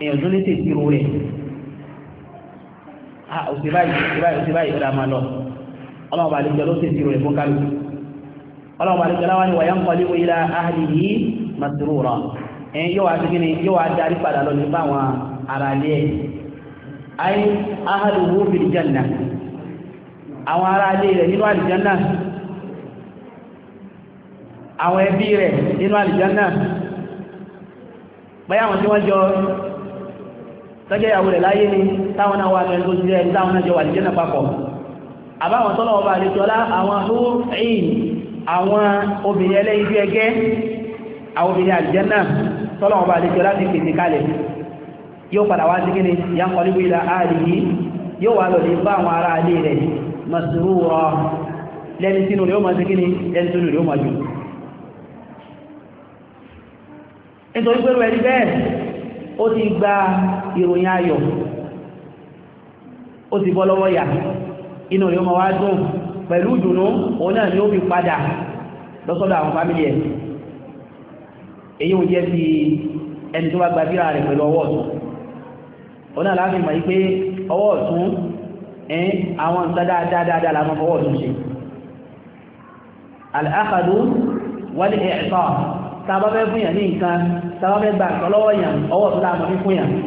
èèyàn tó lè tètè ro rẹ̀ a òsè báyìí òsè báyìí òsè báyìí ọ̀dà máa lọ ọlọ́run bá lè jẹ́ ló tètè ro rẹ̀ fún kálù ọlọ́run bá lè jẹ́ láwọn ni wàyà ń kọ́lé wo ilá ahlihi masrura ẹ̀yìn yóò wá sí kíni yóò wá darí padà lọ nípa àwọn ará ilé ẹ̀ ayé ahluhu fil janna àwọn ará ilé rẹ̀ nínú àlìjánná àwọn ẹbí rẹ̀ nínú àlìjánná báyà wọn tí wọ́n jọ tọ́jẹ́ ìyàwó rẹ̀ láyé ni táwọn náà wà lẹ́nu tó jẹ́ táwọn náà jọ wà lẹ́jẹ́ náà papọ̀ àbáwọn tọ́lọ̀ ọba àlejọ́lá àwọn húrìn àwọn obìnrin ẹlẹ́yìn bí ẹgẹ́ àwọn obìnrin àlìjẹ́nà tọ́lọ̀ ọba àlejọ́lá ti pèsè kalẹ̀ yóò padà wá sí kí ni ya ń kọlíbú ilá ààrì yìí yóò wà lọ́lẹ̀ bá àwọn ará alé rẹ̀ masrura lẹ́ni sínú rẹ̀ ó máa sí kí ni lẹ́ni sínú rẹ̀ ó nítorí pé rẹ̀ bẹ́ẹ̀ ó ti gba ìròyìn ayọ̀ ó ti bọ́ lọ́wọ́ yà inú rẹ̀ ó máa wá dùn pẹ̀lú ìdùnnú òun náà ni ó fi padà lọ́sọ́dọ̀ àwọn fámílì ẹ̀ èyí ò jẹ́ ti ẹni tó bá gba rẹ̀ pẹ̀lú ọwọ́ ọ̀tún òun náà láti mọ̀ yí pé ọwọ́ ọ̀tún ẹ̀yìn àwọn nǹkan la máa fọwọ́ ọ̀tún ṣe al-akhadhu wal-i'ta' tá a bá fẹ́ fún yàn ní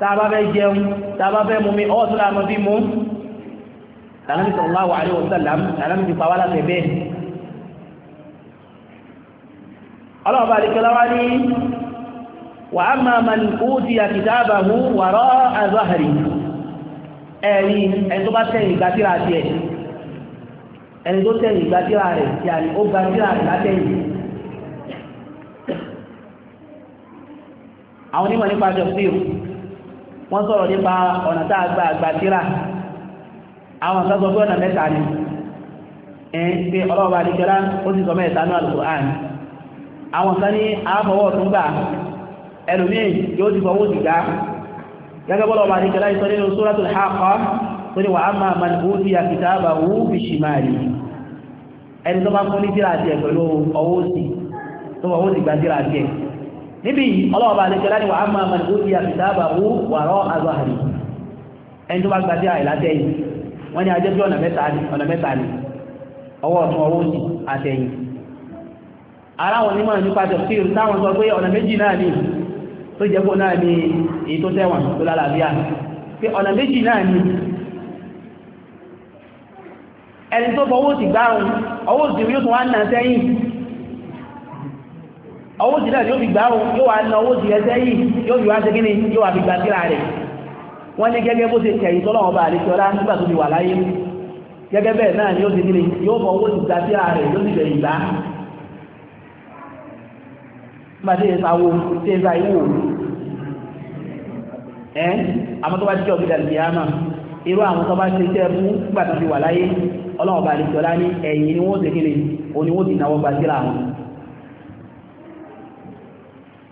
tàbá fẹ́ jẹun tàbá fẹ́ mú mi ọ́ọ̀tún láàmú bí mú lànàmì sallallahu alaihi wasallam lànàmì ti pàwọ́ láti ẹ̀bẹ́ ọlọ́ọ̀bá àdìkẹ́láwá ní wà á máa ma kúùtì kitabahu wara'a zahri ẹ̀rí ẹni tó bá tẹ̀yìn ìgbà tíra tiẹ̀ ẹni tó tẹ̀yìn ìgbà rẹ̀ tí ó gba rẹ̀ látẹ̀yìn àwọn onímọ̀ nípa tẹ̀síìrù wọ́n sọ̀rọ̀ nípa ọ̀nà tá a gba àgbàtíra àwọn kan sọ pé ọ̀nà mẹ́ta ni ẹ̀yìn pé ọlọ́ọ̀bá àdìkẹ́lá ó sì sọ mẹ́ta ní Al-Qur'an àwọn kan ní àáfọwọ́ tún gbà ẹlòmíì yóò ti fọwọ́ sì gá gẹ́gẹ́ bọ́lọ̀ ọba àdìkẹ́lá ìsọ amma man utiya kitabahu bi shimalihi ẹni tó bá fún ní tíra àti ẹ̀ pẹ̀lú ọwọ́ sì tó fọwọ́ sì níbi ọlọ́ọ̀bá alẹ́kẹ́lá ni wà á máa mọ̀ nígbó ti àfìdábà wú wàrọ́ azọ́hàrí ẹni tó bá gbàdé àìlátẹ́yìn wọ́n ni ajẹ́ bí ọ̀nà mẹ́ta ni ọwọ́ ọ̀tún ọwọ́ òsì àtẹ̀yìn ara wọn nímọ̀ nípa tẹ̀síl táwọn sọ pé ọ̀nà méjì náà ni tó jẹ́pọ̀ náà ni èyí tó tẹ̀wọ̀n tó lálàáfíà pé ọ̀nà méjì náà ni ẹni tó fọwọ́ òsì gbárùn ọwọ́ òsì yóò tún wá ń nà owó sí náà yóò fi gbà ó yóò wá ná owó sí ẹsẹ̀ yìí yóò fi wá ṣe kí yóò wá fi gbà wọ́n ní gẹ́gẹ́ bó ṣe bá ọlá nígbà tó ti wà láyé gẹ́gẹ́ bẹ́ẹ̀ náà ti yóò fọ owó gbà yóò bẹ̀yìn gbà nígbà tí èsà wo tí èsà yìí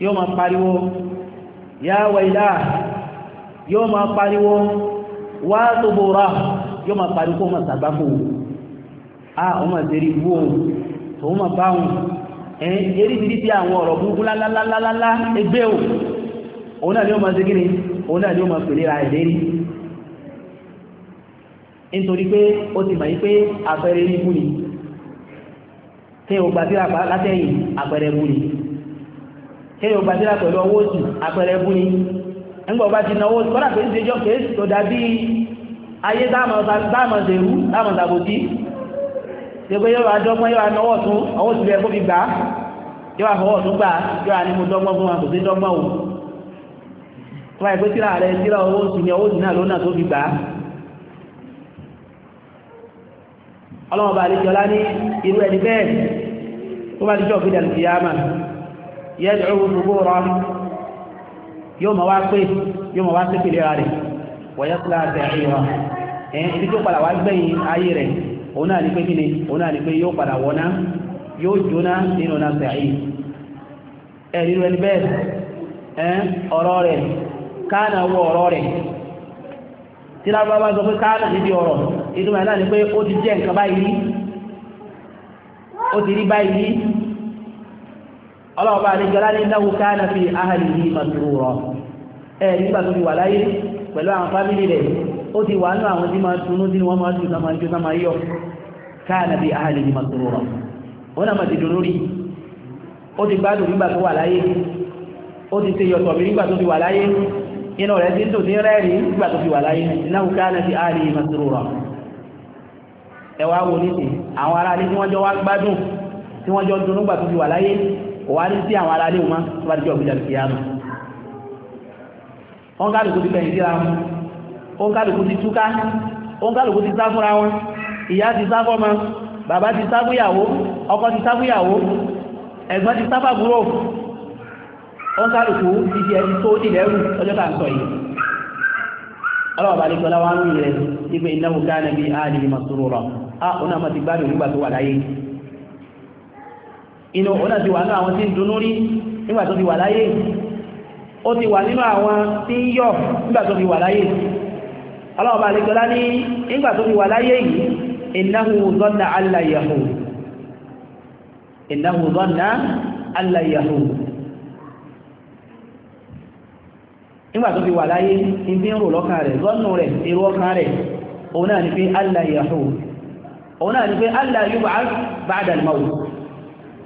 yóò máa pariwo ya wàílá yóò máa pariwo wá tó bóra yóò máa pariwo kó máa sàgbákò a o máa zèrí ibú o tó máa bá wọn ẹ̀yìn eríṣiríṣi tí àwọn ọ̀rọ̀ burúkú lálálálálá ẹgbẹ́ o òun náà ni ó máa ṣe gíní òun náà ni ó máa pèlè ra nítorí pé ó ti mọ̀ yí pé àpẹẹrẹ ibú ni tí o gbà sí àpá látẹ̀yìn àpẹẹrẹ ibú ni kéèyàn gbàdúrà pẹ̀lú ọwọ́ òsì àpẹẹrẹ ẹbú ni ńgbọ̀n bá ti na owó kọ́dà pé ṣe jọ kéèsì tó dàbí ayé dáàmọ̀ ṣèrú dáàmọ̀ ṣàbòtí ṣe pé yóò adọ́gbọ́n yóò aná ọwọ́ tún ọwọ́ tún ẹkọ́ fi gbà yóò àfọwọ́ tún gbà yóò anímú dọ́gbọ́n fún wọn kò sí dọ́gbọ́n o tó bá ìpé tíra rẹ tíra owó òsì ni owó òsì náà lónà tó fi gbà ọlọ́mọba àlejò ọlá ní irú ẹni bẹ́ẹ̀ tó bá ti jọ òfin dàlùkì yá يدعو ظهورا يوم واقف يوم واقف لعاره ويطلع سعيرا ibi tí ó padà wá gbẹ̀yìn ayé rẹ̀ òun náà ni pé kíni òun náà ni pé yóò padà wọ́ná yóò jóná nínú náà sàáyì ẹ̀rírú ẹni bẹ́ẹ̀ ẹn ọ̀rọ̀ rẹ̀ káànà wọ ọ̀rọ̀ rẹ̀ tí lábá ọlọ́ọ̀bá àlejọ́lá ní náwó káàna fi ahàlì yìí màtúrọ̀ ẹ̀ nígbà tó ti wà láyé pẹ̀lú àwọn fámílì rẹ̀ ó ti wà nínú àwọn tí máa túnú tí wọ́n máa tún náà jó yọ káàna fi ahàlì yìí màtúrọ̀ wọ́n náà ní ti àwọn ará ilé tí wọ́n jọ wá gbádùn tí wọ́n jọ dunú tó ti wà láyé wà ní sí àwọn aráalé wọn tó bá jẹ́ ọ̀gbìn jàdùkì yánu wọn kálukú ti fẹ̀yìn síra wọn wọn kálukú ti túká wọn kálukú ti sá fúnra wọn ìyá ti sá fọ́mọ bàbá ti sá fúyàwó ọkọ ti sá fúyàwó ẹ̀gbọ́n ti sá fàbúrò wọn kálukú ti di ẹni tó ilẹ̀ rù ọjọ́ tá à ń sọ yìí ọlọ́wọ́ balẹ̀ gbọ́lá wa ń ah òun náà mo ti gbádùn nígbà tó inú ọ̀nà ti wà ní àwọn tí ń dunú rí nígbà tó ti wà láyé ó ti wà nínú àwọn tí ń yọ̀ nígbà tó ti wà láyé ọlọ́ọ̀bá alẹ́gbẹ́lá ní nígbà tó ti wà láyé yìí innahu dhanna alla yahud innahu dhanna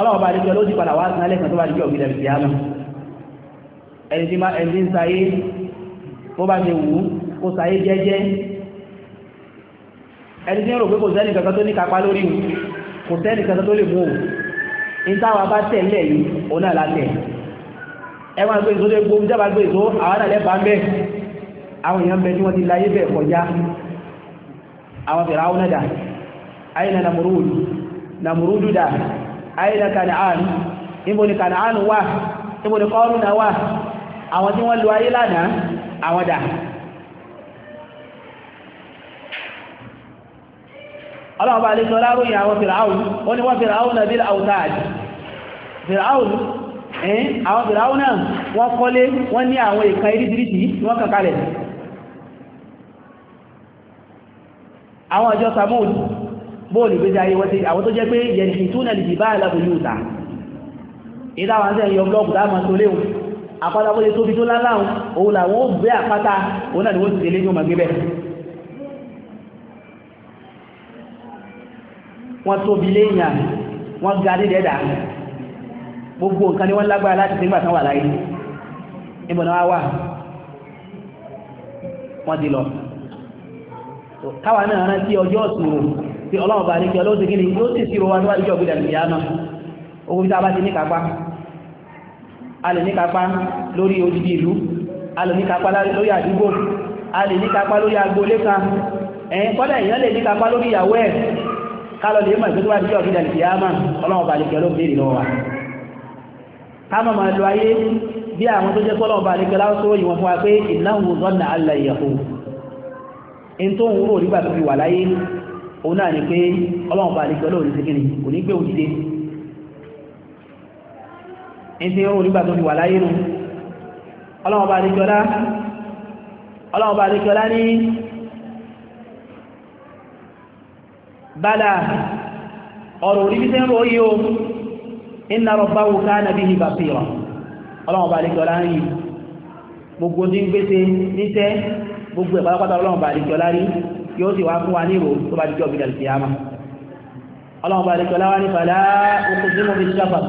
ọlọ́wọ́ bá dìjọ ló ti padà wá sínú alẹ́kàn tó bá dìjọ ògidà ìgbé àmà ẹni tí máa ẹni ń sáyé bó bá ṣe wù ú kó sáyé jẹ́jẹ́ ẹni tí ń rò pé kò sẹ́ni kankan tó ní kápá lórí wù kò sẹ́ni kankan tó lè mú òun ní táwa bá tẹ̀lé yìí òun náà látẹ̀ ẹ máa gbé ìṣó dé gbóhùn jábà gbé ìṣó àwọn náà lẹ́bàá ń bẹ́ àwọn èèyàn bẹ tí wọ́n ti láyé bẹ̀ kọjá àwọn fèrè àwọn náà ayé na nàmúrúdù nàmúrúdù dà àìlà kanaan níbo ni kanaan wà níbo ni kọ́rùnà wà àwọn tí wọ́n lu ayé lánàá àwọn dà ọlọ́ọ̀bá alẹ́sọ láròyìn àwọn fìràún ó ní wọ́n fìràún náà bí àwùtáàdì fìràún ẹ̀yìn àwọn fìràún náà wọ́n kọ́lé wọ́n ní àwọn ìkan irísirísi wọ́n kàkalẹ̀ àwọn ọjọ́ samud bóòlù gbé ayé wọ́n ti àwọn tó jẹ́ pé yẹnìkì túnà lè jì bá àlàbò yóò tà ìdáwọn àti ẹ̀yọ blọ́ọ̀kù dáàmà tó léwu àpáta bó lè tóbi tó láláhùn òun làwọn ó gbé àpáta òun náà ni wọ́n ti tẹ̀lé ní ọmọ gbé bẹ́ẹ̀ wọ́n tóbi léèyàn wọ́n ga ní dẹ́dà gbogbo nǹkan ni wọ́n lágbára láti fi gbàtán wà láyé níbọn náà wà wọ́n ti lọ káwa náà rántí ọjọ́ ọ̀sùn tí ọlọ́run bá níkẹ́ olóòtú kí ni yóò sì sí rọwà níwájú ọ̀gbìdà nìyà náà ogun tí a bá ti níkapá a lè níkapá lórí odidi ìlú a lè níkapá lórí àdúgbò a lè níkapá lórí agboolé kan ẹ̀yìn kọ́dà èèyàn lè níkapá lórí ìyàwó ẹ̀ kálọ̀ lè mọ̀ ìgbésí wájú ọ̀gbìdà nìyà náà ọlọ́run bá níkẹ́ olóòtú kí lọ́wọ́ ká mọ̀ máa lo ayé bí àwọn tó jẹ́ kọ́lọ̀ bá níkẹ́ láwọ́sọ́ ìwọ̀n fún wa pé ìnáwó zọ́nà alẹ́ ìyàwó in tó ń rò nígbà tó fi wà láyé òun náà ni pé ọlọ́run bá lè gbọ́lọ́ òní síkìrì kò ní gbé òdìdé ní tí ó nígbà tó fi wà láyé nù ọlọ́run bá lè gbọ́lá ọlọ́run bá lè gbọ́lá ní bala ọ̀rọ̀ orí bí sẹ́rọ yí o iná rọ̀bá wù ká nàbí ìbà fìrà ọlọ́run bá lè gbọ́lá rí gbogbo ní gbèsè níṣẹ́ gbogbo ẹ̀pàlápátá ọlọ́run bá lè gbọ́lá rí yóò sì wá fún wa ní ìrò tó bá jíjọ́ bídà ìfìyàmà ọlọ́run bá lè tọ́lá wá ní fàlá okùn sí mọ́bí sábà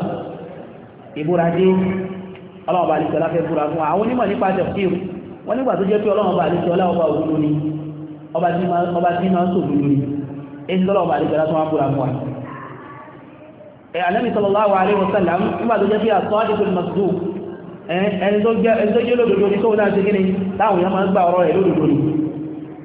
ìbúra dé ọlọ́run bá lè tọ́lá fẹ́ búra fún àwọn onímọ̀ nípa tẹ̀fíù wọ́n nígbà tó jẹ́ pé ọlọ́run bá lè tọ́lá ọba òdodo ni ọba tí máa ń sòdodo ni èyí tọ́lọ́run bá lè tọ́lá tó wá búra fún wa ẹni tó jẹ́ lódodo ni tó náà ṣe kí ni táwọn máa ń gbà ọ̀rọ̀ rẹ̀ lódodo ni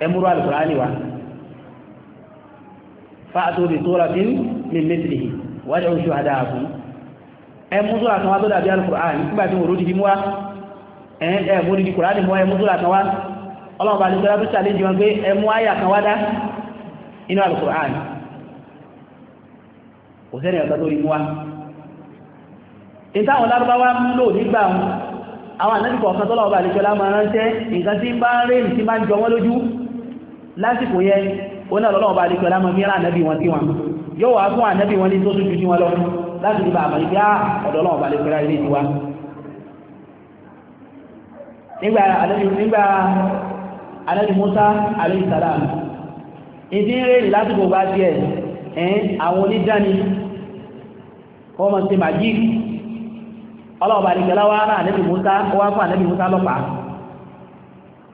ẹmúrú alùkùránì wa fáàtò bí tó rafin ní mẹ́sìlì wájú oṣù àdáàbù ẹmú sóra kan wá tó dàbí alùkùránì nígbà tí wòrò dìdí múwá ẹmú dìdí kùránì mọ́ ẹmú sóra kan wá ọlọ́ọ̀bá ní sọ́ra tó ṣàlejò wọn pé ẹmú àyà kan wá dá inú alùkùránì kò sẹ́ni ọ̀tọ́ tó rí múwá ìtàwọn lárúbáwá lò nígbà àwọn tọ́lọ̀ ọba àlejò lámọ̀ ránṣẹ́ nǹkan tí bá ń rèé tí jọ wọ́n lójú lásìkò yẹn oní ọlọ́wọ́ bá alẹ́kọ̀ọ́ lámọ́ mìíràn ànábì wọn tí wọn yóò wá fún ànábì wọn ní tó tún jù wọn lọ láti ní bàbá ìgbà ọ̀dọ̀ ọlọ́wọ́ bá alẹ́kọ̀ọ́ ilé tiwa nígbà ànábì Musa alayhi salam ìdí ń rèé lásìkò bá tiẹ̀ ẹ̀ẹ́n àwọn onídàáni wọ́n mọ̀ sí màjíìkì ọlọ́wọ́ bá alẹ́kọ̀ọ́ láwá ànábì Musa wọ́n fún ànábì Musa lọ́pàá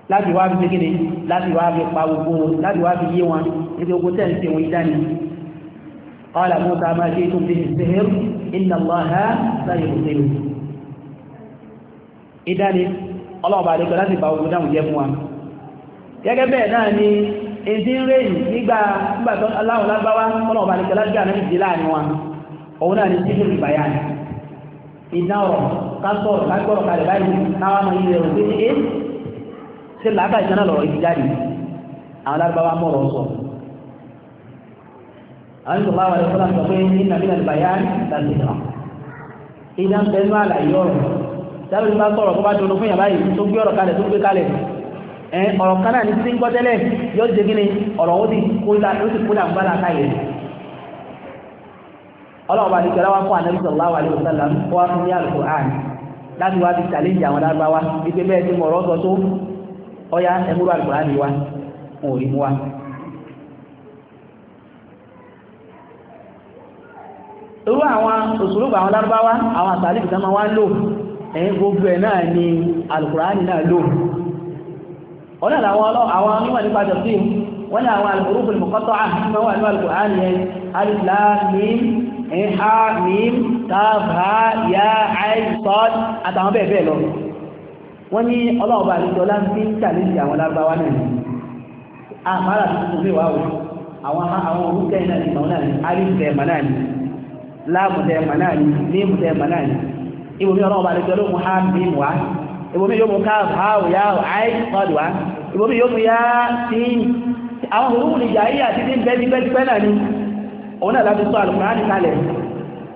láti wá bí kékeré láti wá bí pa gbogbo láti wá bí yé wọn níbi ogun tẹ́ ma ji'tum bihi sihr inna Allaha la yubtilu ìdáni ọlọ́ọ̀bà àdékọ́ láti bá ogun dáhùn jẹ́ fún wa gẹ́gẹ́ bẹ́ẹ̀ náà ni èdè ń rèyìn nígbà aláwọ̀ ṣe làákà ìjọ náà lọ̀rọ̀ ibi jáde àwọn lárúbáwá mọ̀rọ̀ sọ àwọn ìṣòwò àwọn ẹ̀kọ́ láti sọ pé nínú àbí àlùbá yá láti sọ ìdá ń bẹnu àlàyé ọ̀rọ̀ dábìlì bá sọ̀rọ̀ tó bá dunu fún yàrá yìí tó gbé ọ̀rọ̀ kalẹ̀ tó gbé kalẹ̀ ẹ ọ̀rọ̀ kan náà ní sí ń gbọ́ tẹ́lẹ̀ yóò ṣe gíní ọ̀rọ̀ ó ti kó ìlà ó ti kó ìlà ń bá làákà yẹn ọlọ́run bá ti kẹ́lá wá fún ànábì sallallahu alaihi wasallam wá fún ní Al-Qur'an láti wá ti challenge àwọn lárúbáwá wípé bẹ́ẹ̀ ti mọ̀rọ̀ sọ tó ọya ẹmúrú alùpùránì wa wọn ò rí mú wa irú àwọn òṣèlú àwọn lárúbáwá àwọn àtàlìkì tán ma wá lò ẹ̀yìn gbogbo ẹ̀ náà ni alùpùránì náà lò ọ̀nà àwọn onímọ̀ nípa jọ̀sí wọ́n ní àwọn alùpùrúkù mọ̀kọ́tọ́ àmọ́ wà ní alùpùránì yẹn alif lam mim ha mim ta ha ya ain sọ́d àtàwọn bẹ́ẹ̀ bẹ́ẹ̀ lọ wọ́n ní ọlọ́ọ̀bá àdìsọ́lá ń fi ń tàlẹ́sì àwọn lágbàwá náà ni àmàrà tuntun lè wà wò àwọn àwọn orúkẹ́ iná ìmọ̀ náà ni alìsẹ̀ ẹ̀mà náà ni láàmùsẹ̀ ẹ̀mà náà ni mímùsẹ̀ ẹ̀mà náà ni ibòmí ọlọ́ọ̀bá àdìsọ́lá mú mú káàbù ha yóò mú yá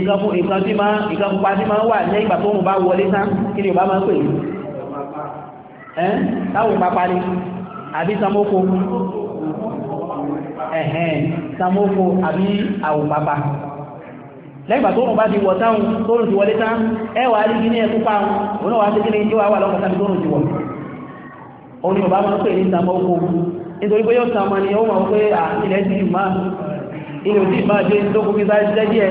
nǹkan tí máa nǹkan pupa tí máa wà ní ìgbà tó ń bá wọlé tán kí ni ọba máa pè é táwọn pápá ni àbí samoko ẹ̀hẹ́n samoko àbí àwọn pápá lẹ́gbà tó rùn bá ti wọ̀ táwọn tó rùn ti wọlé tán ẹwà rí ní ẹkú páwọn òun wá sí kí ni yóò wà lọ́pọ̀ tàbí tó rùn ti wọ̀ òun ni ọba máa pè ní samoko nítorí pé yóò sàmọ́ ni ó mọ̀ pé à ilẹ̀ ti máa ilẹ̀ ti máa dé tó kú bí sáà jẹ́ díẹ̀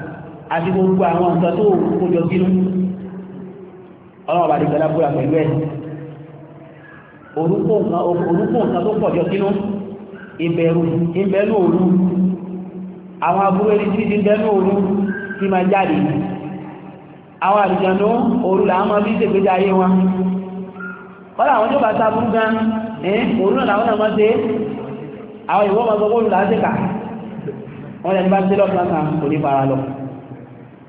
àti gbogbo àwọn nǹkan tó kójọ sínú ọlọ́ọ̀bá dìgbàlá búra pẹ̀lú ẹ̀ orúkọ nǹkan tó pọ̀jọ sínú ìbẹ̀rù ìbẹ̀rù òru àwọn aburú ẹni tí ti bẹ̀rù òru ti máa jáde àwọn àdìjànú òru làwọn máa bí ṣègbéjà ayé wọn kọ́lá àwọn tó bá sábú gan ẹ́n òru náà làwọn náà máa ṣe àwọn ìwọ́n máa sọ bóòlù làásìkà wọ́n lẹ́ni bá ṣe lọ́pàá kan kò ní fara lọ́pàá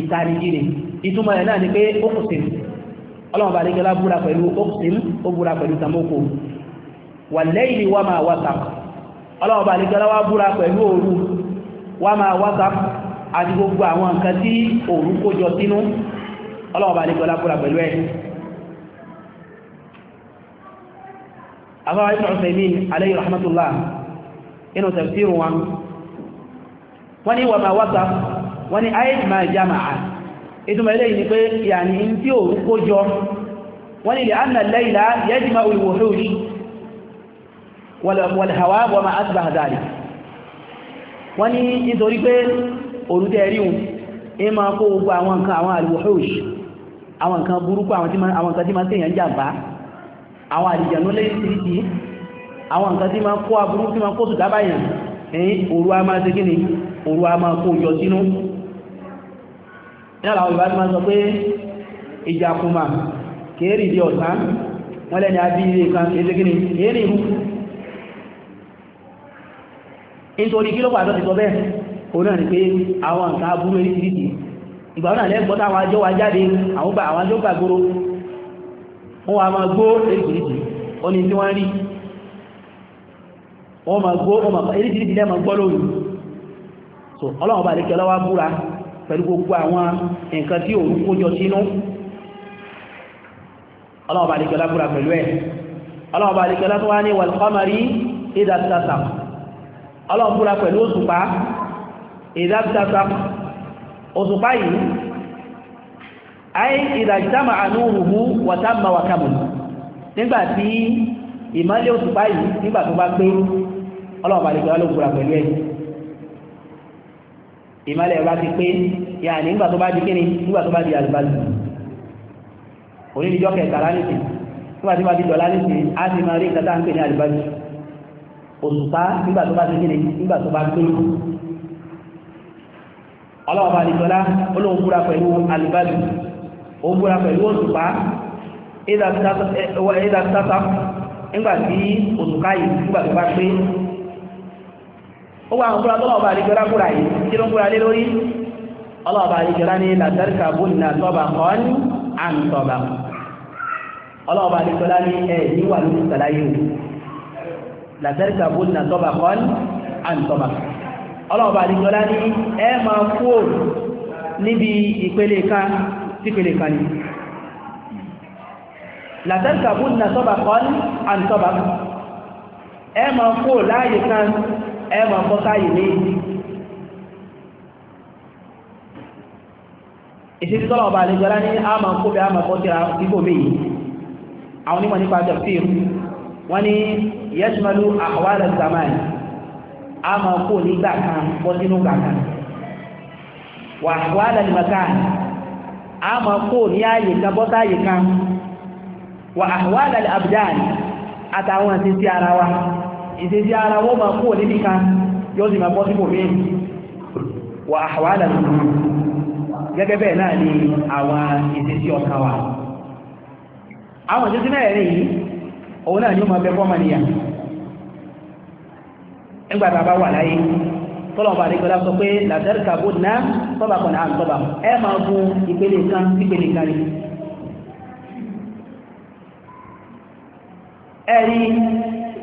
ìtàríjì ni ìtumọ̀ ẹ̀ náà ni pé ókùsìn ọlọ́mọba àdéjọlá búra pẹ̀lú ókùsìn ó búra pẹ̀lú tamoko wà lẹ́yìn wà máa whatsapp ọlọ́mọba àdéjọlá wá búra pẹ̀lú òru wà máa whatsapp àti gbogbo àwọn nǹkan tí òru kójọ sínú ọlọ́mọba àdéjọlá búra pẹ̀lú ẹ̀ wọ́n ni ayéjìmá jama'a ìtumọ̀ ilé yìí ni pé yàní in tí òru kó jọ wọ́n ni lè anna layla yajma al-wuhud wal hawa wa ma asbaha dhalik wọ́n ni nítorí pé òru tẹ́ rí wọn in ma kó gbogbo àwọn nǹkan àwọn al-wuhud àwọn nǹkan burúkú àwọn nǹkan tí ma ń tèèyàn jàmbá àwọn àlìjànú kó aburú tí ma kó sùdábàyàn ẹ̀yìn òru a máa ṣe kí òru a máa kó yọ sínú náà làwọn ìbá ti máa sọ pé ìjàkùnmà kéèrì di ọ̀sán wọ́n lẹ́ni àbí ilé kan ezekini kéèrì ihu nítorí kí ló pàtọ́ ti sọ bẹ́ẹ̀ kò náà ni pé àwọn nǹkan aburú eréṣiríṣi ìgbà náà lẹ́gbọ́n táwọn ajọ́ wa jáde àwọn gbà àwọn ajọ́ gbàgbóró wọ́n wá máa gbó eréṣiríṣi ó ní gbọ́ lóru so ọlọ́run bá lè kí pẹ̀lú gbogbo àwọn nǹkan tí òun kójọ sínú ọlọ́ọ̀bá àdíkẹ́lá búra pẹ̀lú ẹ̀ ọlọ́ọ̀bá àdíkẹ́lá tó wá ní wal qamari idha tasam ọlọ́ọ̀búra pẹ̀lú òṣùpá idha tasam òṣùpá yìí ayé idha jama'a nuruhu wa tamma wa kamala nígbàtí ìmọ́lẹ̀ òṣùpá yìí nígbà tó bá gbé ọlọ́ọ̀bá àdíkẹ́lá ló búra pẹ̀lú ẹ̀ ìmálẹ̀ bá ti pé yà ní ìgbà tó bá di kíni nígbà tó bá di àlùbálù onídìjọ́ kẹtàlá nìsín nígbà tó bá di dọ̀lá nìsín á ti máa rí ìkàtà ń pè ní àlùbálù òṣùpá nígbà tó bá di kíni nígbà tó bá pé ọlọ́ọ̀bá àdìjọ́lá olóhùn búra pẹ̀lú àlùbálù ó búra pẹ̀lú òṣùpá ìdàkítàtà nígbà tí òṣùpá yìí nígbà tó bá pé ó wà ń kúra tó ọba àríjọra kúra yìí kí ló ń kúra lé lórí ọlọ́ọ̀bà àríjọra ní làtẹ́ríkà bónìlà tọ́bà kan àǹtọ̀bà ọlọ́ọ̀bà àríjọra ní ẹ̀ níwà lórí sàlàyé ní ẹ máa kú ò kan sí ìpele kan máa kú láàyè kan ẹ máa bọ́ sáyè ní ìṣẹ́jú tọ́lọ̀ ọba àlejò ọlá ní a máa kó bẹ́ a máa bọ́ síra ibò mi yìí àwọn onímọ̀ nípa tafsir wọ́n ní yashmalu ahwal zaman a máa kó nígbà kan bọ́ sínú gbà wà ahwal makan a máa kó ní ààyè kan bọ́ sáyè kan wà ahwal abdan àtàwọn àti sí ara wa ìṣesí ara wọ́n máa kúrò níbi kan yóò sì máa bọ́ wà àwàdà ni àwọn wa àwọn ìṣesí náà rí òun náà ni ó máa bẹ fọ́mọ nìyà bá wà láyé tọ́lọ̀bà ní gbọ́lá sọ pé làtẹ́ríkà náà ẹ̀rí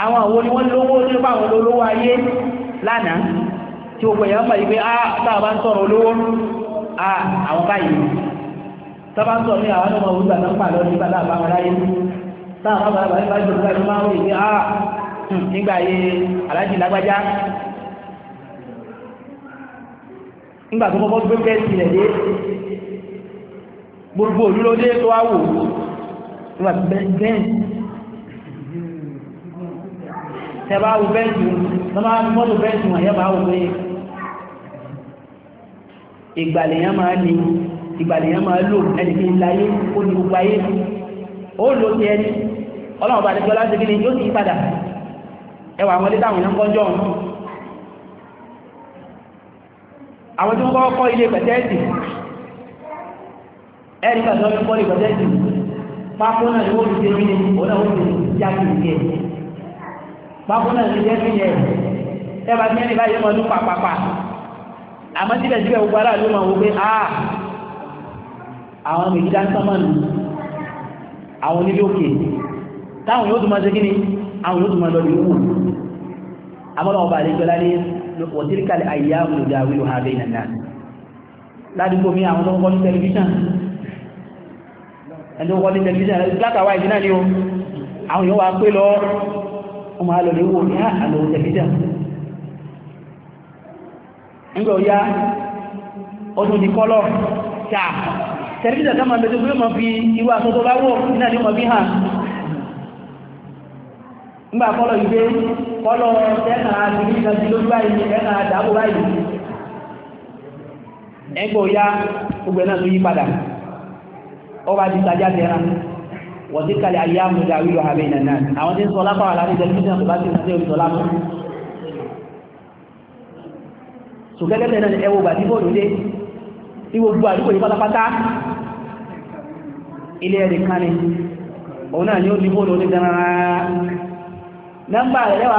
àwọn àwọn ni wọ́n lówó nípa àwọn olówó ayé lánàá tí ó pẹ̀yà mọ̀ ìgbé àtàbà ah, ń sọ̀rọ̀ olówó ah, àwọn báyìí tọ́bá ń sọ̀rọ̀ ní àwọn ọmọ òwúgbà náà pàdé ọdún ìgbà láàbá wọn láyé táwọn bàbá bàbá bá jù láti máa ń rí pé ah hmm, nígbà ayé aláàjì lágbájá nígbà tó gbogbo òdúró tó wá wò nígbà tẹ́bá wo bẹ́ǹtì wọn máa ń mọ́tò bẹ́ǹtì wọn yẹ́ bá wo pé ìgbàlèyàn máa ní ìgbàlèyàn máa lò ẹni tí ń láyé ó ní gbogbo ayé ó lò sí ẹni ọlọ́run bá ti gbọ́ láti kíni yóò sì padà ẹwà àwọn létà àwọn ẹ̀kọ́jọ́ àwọn tí wọ́n kọ́ ilé pẹ̀tẹ́ẹ̀sì ẹ̀rí pàtàkì kọ́ ilé pẹ̀tẹ́ẹ̀sì pápọ́nà ni wọ́n ti ṣe rí ni òun náà jákèjì bákúnà ti jẹ́ fìyẹ ẹ bá mẹ́rin báyìí mọ́ ní pàpàpà àmọ́ síbẹ̀síbẹ̀ gbogbo ara ló máa wo pé a àwọn mèjì dáńsánmọ́nù àwọn onílé òkè táwọn yóò tún máa ṣe kí ni àwọn yóò tún máa lọ lè wù àmọ́lọ́wọ́ bá lè jọlá ní wọ̀tíríkàlẹ̀ àyíyá òdòdó àwílò ha bẹ́ẹ̀ nàná ládùúgbò mi àwọn tó ń kọ́ ní tẹlifíṣàn ẹni tó ń kọ́ ní tẹlifíṣàn látàwá ìdí náà ni ó àwọn yóò wá pé lọ wọ́n máa lọ lè wò ní àlòwò tẹ̀fíjà ńgbà ọ̀yá ọdún ní kọ́lọ̀ tà tẹ̀fíjà ká máa bẹ̀rẹ̀ pé mọ̀ fi irú aṣọ tó bá wọ̀ náà ní mọ̀ fi hàn ńgbà kọ́lọ̀ ìgbé kọ́lọ̀ tẹ́nà àti lójú báyìí àdàbò báyìí ẹgbẹ̀ wọ̀síkàlẹ̀ àyàmù dàwílò àbẹ̀ ìnànà àwọn tí ń sọ lápáwà láti tẹlifíṣàn tó bá ti ṣe òṣìṣọ́ lápá so gẹ́gẹ́ bẹ̀rẹ̀ náà ẹwọ bàtí fóònù dé tí gbogbo àdúgbò yìí pátápátá ilé ẹ̀rì kan ni òun náà ni ó di fóònù ní dáná nọ́mbà rẹ̀ lẹ́wàá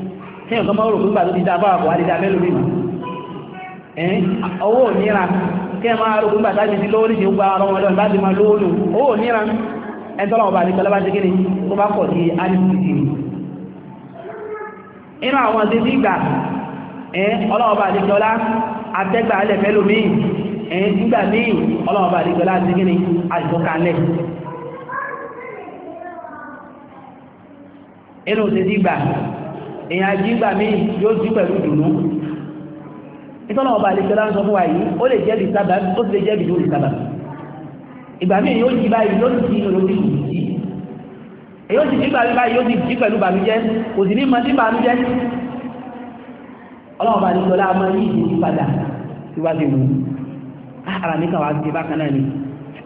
tí ọ̀kan mọ́ òrùn gbà tó ti dábà wà lè dábẹ́ lórí mọ̀ ẹ̀yìn owó níra kí ẹ máa rògbùn gbà tábí sí lórí ti gba ọmọ ọdún bá ti máa lóòlù owó níra ẹ̀tọ́lọ̀ ọba àti pẹ̀lẹ́bá ti kí ni tó bá pọ̀ sí alìsìtì inú àwọn ti ti gbà ọlọ́ọba àti jọlá àtẹ́gbà alẹ̀ fẹ́lú míì nígbà míì ọlọ́ọba àti jọlá ti kí ni àjọkalẹ̀ inú ti ti gbà èyàn àjíǹgbà míì yóò jí pẹ̀lú dùnú ìtọ́nà ọba àlejò láń sọ fún wa yìí ó lè jẹ́ bí sábà ó sì lè jẹ́ bí lórí sábà ìgbà míì yóò jí báyìí yóò jí olórí yìí èyí ó sì jí báyìí báyìí yóò sì jí pẹ̀lú bàmíjẹ́ kò sì ní mọ sí bàmíjẹ́ ọlọ́run ọba àlejò láà máa yí ìdí padà tí wá ti wù ah, ara mi kàn wá sí bákan náà ni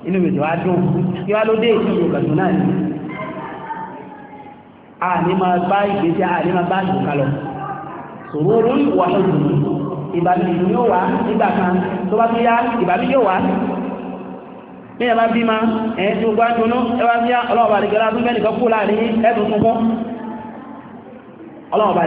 inú mi ti wá dùn kí wá ló dé ìdí ìgbà tó náà ni àní máa bá ìgbésí àní máa bá ìgbòkà lọ sòróró wà lóògùn ìbàmìlì yóò wá nígbà kan tó bá tó yá ìbàmìlì yóò wá ní ẹ̀bá bí ma ẹ̀yìn tí ó gbá jónú ẹwà bí ọlọ́ọ̀bà àdìjọlá tún bẹ́ẹ̀ nìkan láàrin ẹ̀dùn fúnfún ọlọ́ọ̀bà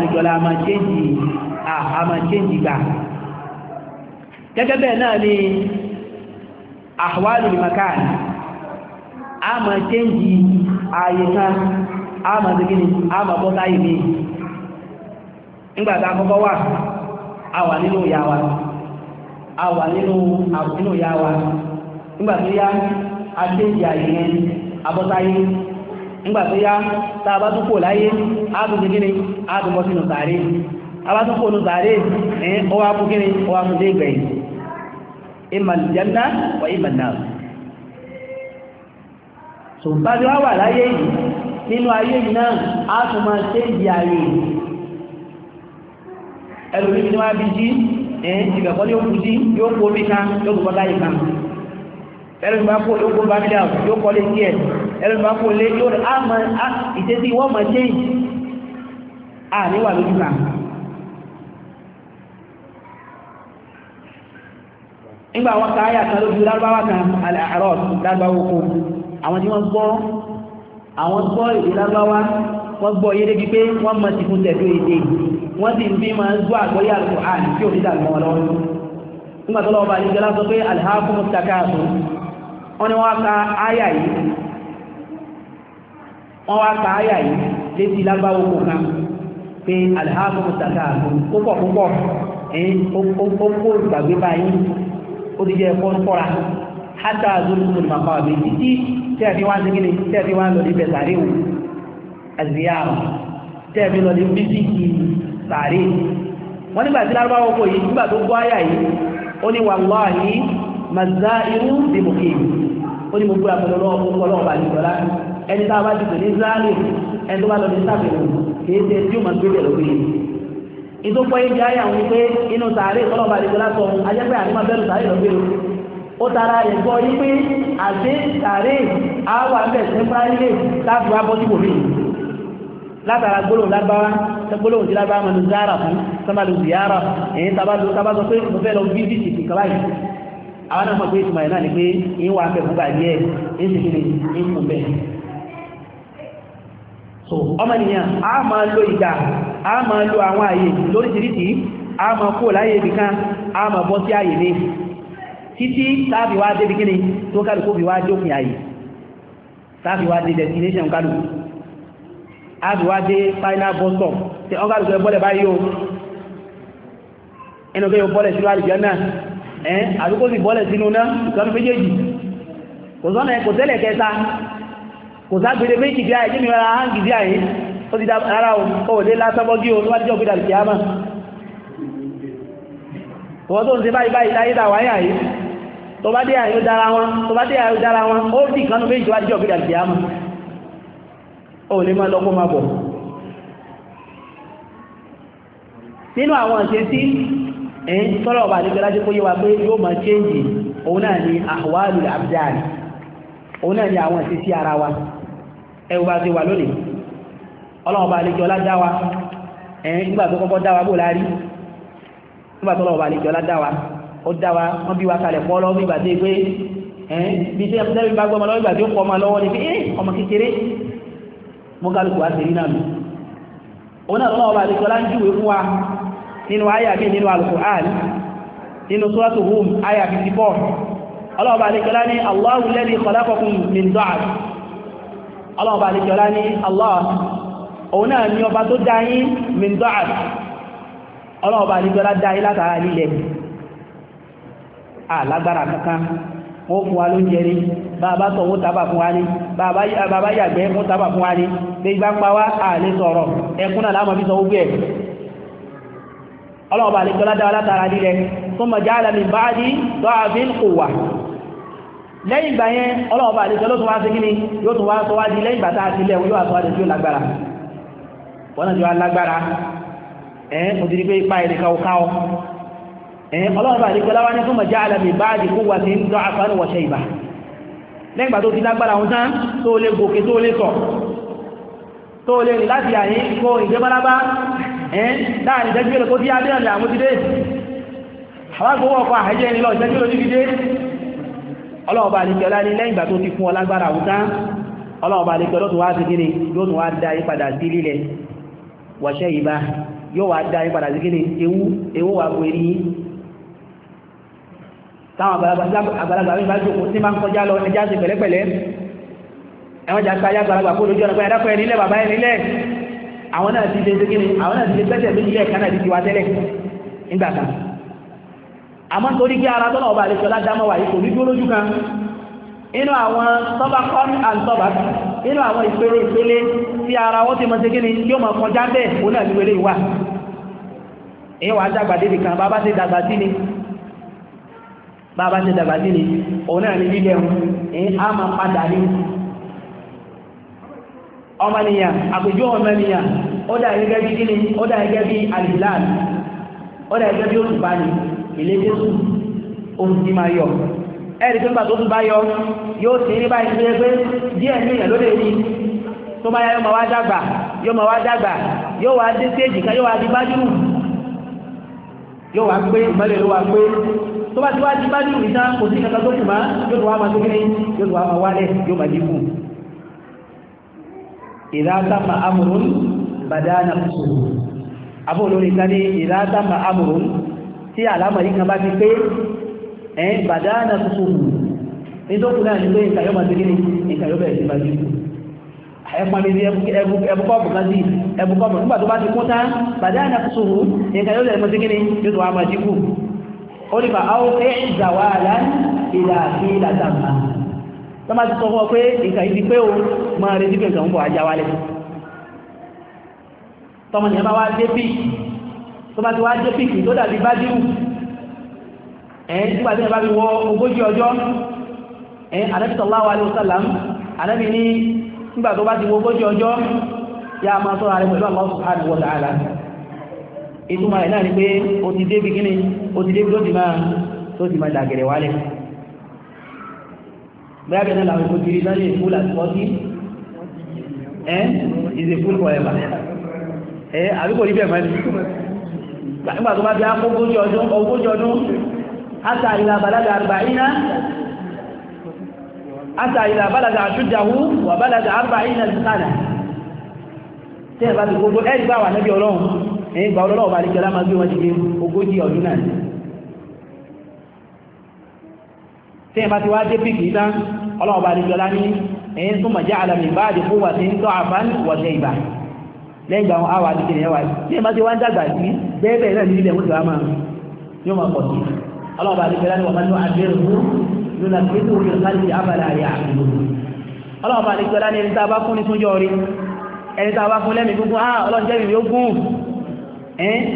a máa ti gíní a máa bọ́ táyì ní nígbàtà àkọ́kọ́ wà a wà nínú ìyá wa a wà nínú àbùnú ìyá wa nígbàtà yá a dé ìyá ìyẹn abọ́táyé nígbàtà yá tá a bá tún kò láyé a tún ti gíní a tún bọ́ sínú sàárè a bá tún kò nù sàárè ẹ̀ ọ wá kú gíní ọ wá kú dé ìgbẹ̀yìn ìmà ìjẹ́nà wà ìmà náà so bá bí wà láyé yìí nínú ayé náà a tún máa ṣe ìdí ayé ẹlòmí ni wọ́n á bí jí ẹ̀ẹ́n ìgbàgbọ́ ní òkú jí yóò kó omi kan yóò kó bọ́lá ìkan ẹlòmí bá kó yóò kó bámílì àwọn yóò kọ́ lé sí ẹ̀ ẹlòmí bá kó lé yóò rẹ̀ a máa á ìtẹ́sí wọ́n máa ṣe ìdí àníwà lójú kan nígbà wọn káyà kan lójú lárúbáwá kan àlẹ́ àárọ̀ lárúbáwó kó àwọn tí wọ́n gbọ́ àwọn gbọ́ èdè lágbáwá wọ́n gbọ́ yé débi pé wọ́n mọ̀ sí fún tẹ̀lé èdè wọ́n sì ń bí máa ń gbọ́ àgbọ́yé Al-Qur'an tí ò ní dàgbọ́ wọn lọ́wọ́ nígbà tó lọ́wọ́ bá ní gẹ́lá sọ pé alhaakumu takaasur wọ́n ní wọ́n ka áyà yìí wọ́n wá ka áyà yìí létí lágbáwó kò kan pé alhaakumu takaasur púpọ̀ púpọ̀ ẹ̀yìn ó gbàgbé báyìí ó ti jẹ́ ẹ̀kọ́ ń tẹ́ẹ̀fí wá sí gíní tẹ́ẹ̀fí wá lọ níbẹ̀ sàárè wò àzíyàrá tẹ́ẹ̀fí lọ ní bísíkì sàárè wọ́n nígbà tí lárúbá wọ́pọ̀ yìí nígbà tó gbọ́ àyà yìí ó ní wàláhì mazá irú dìbòkè ó ní gbogbo àpẹẹrẹ ọlọ́ọ̀bà nìjọlá ẹni tá a bá dìbò ní záàlì ẹni tó bá lọ ní sàbẹ̀wò kìí ṣe tí ó máa gbé bẹ̀rẹ̀ lóye ìtòpọ̀ yìí di àyà wọn pé inú sàárè ọlọ́ọ̀bà nìjọlá sọ ajẹ́pẹ́ àti máa bẹ̀rù sàárè ó tara rẹ̀ gbọ́ yí pé àti tàrí àwọn àbẹ̀ sẹ́fúráìlè láti wá bọ́ sí wòmí látara gbólóhùn lágbára gbólóhùn tí lágbára mọ̀ ní zára fún sábàlù ziyara èyí tabazo pé mo fẹ́ lọ bí bí sì kìkọ́ àwọn náà bọ́ sí àyè ní títí táàbí wá débi kíni tó kálukú fi wá jókùn àyè táàbí wá dé destination kálukú táàbí wá dé final bus stop tí wọ́n kálukú ẹ bọ́lẹ̀ báyìí o ẹnu kí o bọ́lẹ̀ sínú àlùjọ náà ẹ́ àdúgbò sì bọ́lẹ̀ sínú náà ìtọ́nu méjèèjì kò sọ́nà ẹ kò tẹ́lẹ̀ kẹta kò ságbére méjì bí ayé mi rárá hàn gidi ayé ó ti dá ara o ò lé lásán bọ́gí o níwájú ọ̀gbìn àlùkìyàmà wọ́n tó ń ṣe báyìí báyìí láyé dà wáyà yìí tó bá dé àyó dára wọn tó bá dé àyó dára wọn ó dì kanú méjì tó bá jẹ́ ọ̀gbẹ̀dà sí àmà ó lè máa lọ́kọ́ máa bọ̀ nínú àwọn ṣe tí ẹ̀yìn tọ́lọ̀ ọba àdígbẹ́ láti kó yé wa pé yóò máa chéǹjì òun náà ni àwálù àbdáàlì òun náà ni àwọn ṣe sí ara wa ẹwù bá ti wà lónìí ọlọ́ọ̀ba àlejò ọlá dá wa ẹ̀yìn nígbà tó kọ́kọ́ dá wa bó láàrí ó dá wa wọ́n bí wa kalẹ̀ pọ́ lọ́wọ́ ìgbà tí pé ẹ́n bí tí ẹ̀mú tẹ́bí bá gbọ́mọ lọ́wọ́ ìgbà tí ó pọ́mọ lọ́wọ́ ni pé ẹ́ ọmọ kékeré mọ́ kálùkù wá sèrí náà lù òun náà lọ́wọ́ bá ti sọlá ń júwe fún wa nínú àyà mi nínú Al-Qur'an nínú suratu Hum àyà 54 ní Allahu òun náà ni ọba tó dá yín min da'f ọlọ́wọ́ bá ti sọlá alágbára kankan wọ́n fún wa lóúnjẹ ní bàbá tọ̀ wọ́n tábà fún wa ní bàbá yàgbẹ́ wọ́n tábà fún wa ní pé ìgbà pa wá àlè sọ̀rọ̀ ẹkún náà láàmọ́ fi sọ gbogbo ẹ̀ ọlọ́ọ̀bà lè jọlá dáwà já alàmì bá dí dọ́àfin kò wà lẹ́yìn ìgbà yẹn ọlọ́ọ̀bà lè jọlọ́ tó wá sí kíni yóò tó wá sọ wá di lẹ́yìn bàtà àti ilẹ̀ yóò àtọ́wádé tí ó lágbára wọ́n náà jọ alágbára Eh, ọlọ́run bá nípa láwá ní fún mọ̀já alàmì bá di kó wà sí ń dọ́ àfánù wọ̀ṣẹ́ ìbá lẹ́gbà tó ti lágbára ohun tán tó lè gòkè tó lè sọ tó lè rìn láti àyín kó ìjẹmọ́lábá láàrin eh, ìjẹ́júwèrè tó tí abẹ́rẹ̀ àmúdídé àwágbówó ọkọ̀ àhẹ́jẹ́ ni lọ ìjẹ́júwèrè dídídé ọlọ́run bá nípa lá yóò tún wá dá sí lílẹ̀ wọ̀ṣẹ́ ìbá yóò wá dá yípadà táwọn àgbàlagbà mi bá jòkó tí máa ń kọjá lọ ẹjá sí pẹ̀lẹ́pẹ̀lẹ́ ẹwọ́n jà sáyá àgbàlagbà kó lójú ọ̀nà pé ẹ̀dákọ̀ ẹni ilẹ̀ bàbá ẹni ilẹ̀ àwọn náà ti ṣe kíni àwọn náà ti ṣe pẹ́sẹ̀ méjì ilẹ̀ kan náà ti wá tẹ́lẹ̀ nígbà kan àmọ́ torí kí ara tọ́nà ọba àlejò ládámọ́ wà yìí kò ní dúró lójú kan inú àwọn tọ́ba kọ́n and tọ́ba inú àwọn ìpele ìpele tí ara wọ́n ti mọ̀ sí kíni yóò mọ̀ kọjá bẹ́ẹ̀ òun náà ti wẹlé ìwà èyí wàá dàgbà débì kan bàbá ti dàgbà sí ni bàbá ṣe dàgbà sí ni òun náà ẹ̀yìn a máa padà ní ọmọnìyàn àpèjú ọmọnìyàn ó dà gẹ́gẹ́ bí kíni ó dà gẹ́gẹ́ bí alìláàd ó dà gẹ́gẹ́ bí ní ilé jésù tí máa yọ ẹ̀rì tó ń bà tó tún bá yọ yóò sì báyìí pé díẹ̀ ní ìyàn ló lè rí tó máa wá dàgbà yóò máa wá dàgbà yóò wá dé stéèjì yóò wá yóò wá pé ìmọ́lẹ̀ ló wá pé tó bá ti wá ti bá ní ìrìta kò sí ìkàkà tó kù máa yóò tó wá máa tó kéré yóò tó wá máa wálẹ̀ yóò máa dínkù ìrátàmà amòrún bàdánà kùsùn abó olórin ká ní ìrátàmà amòrún tí àlámà yìí kan bá ti pé ẹ̀ bàdánà kùsùn ní tó kù náà ní pé ìkàyọ́ máa tó kéré ìkàyọ́ bẹ̀rẹ̀ sí máa dínkù ẹ̀pàmìlì ẹbùkọ́bù kan sí ẹbùkọ́bù nígbà tó bá ti kún tán bàdá àná kú sóhù nǹkan yóò lẹ́ẹ̀mọ́ sí kí ni yóò tó wá máa dínkù ó ní bá áwọ́ pé ìzàwà ìlà sí ìlàtàmà tó máa ti sọ fún ọ pé nǹkan yìí ti pé o máa retí pé nǹkan ń bọ̀ ajá wálẹ̀ tọmọ nìyẹn bá wá dé pì tó bá ti wá dé pì kì tó dàbí bá dírù ẹ̀ nígbà tí ẹ bá fi wọ ogójì ọjọ́ ẹ̀ nígbà tó bá ti wo ogójì ọjọ́ ya máa sọ́ra rẹ̀ pẹ̀lú Allah subhanahu wa ta'ala ìtumọ̀ rẹ̀ náà ni pé o ti débi kíní o ti débi tó ti máa tó ti máa dàgẹ̀rẹ̀ wálẹ̀ bẹ́ẹ̀ bẹ́ẹ̀ náà làwọn èkó ti rí sáré èkó láti pọ́ sí ẹ́ is a full forever ẹ́ àbíkò ní bẹ́ẹ̀ máa ní nígbà tó bá ti á ogójì ọdún ogójì ọdún hátà ìlà bàlágà àrùbà ìná àtà ìlà bálàdà àṣújáwú wà bálàdà àbà ìlà ìsànà tí ẹ̀ bá ti gbogbo ẹ̀rì bá wà nẹ́bí ọlọ́run ẹ̀yìn gbà ọlọ́run bá ríkẹ́ lámà gbé wọn jìgbé ogójì ọdún náà tí ẹ̀ ti wá dé pìkì ìtàn ọlọ́run bá ríkẹ́ lámì ẹ̀yìn tó ọlọ́ọ̀bà àdìgbẹ́lá ni wọ́n máa ń lo àdéhùn lónà kí tó wọlé láti abàlá àyà àdìgbò ọlọ́ọ̀bà àdìgbẹ́lá ni ẹni tá a bá fún ní túnjọ rí ẹni tá a bá fún lẹ́mìí gúngún ah ọlọ́njẹ́ mi yóò gún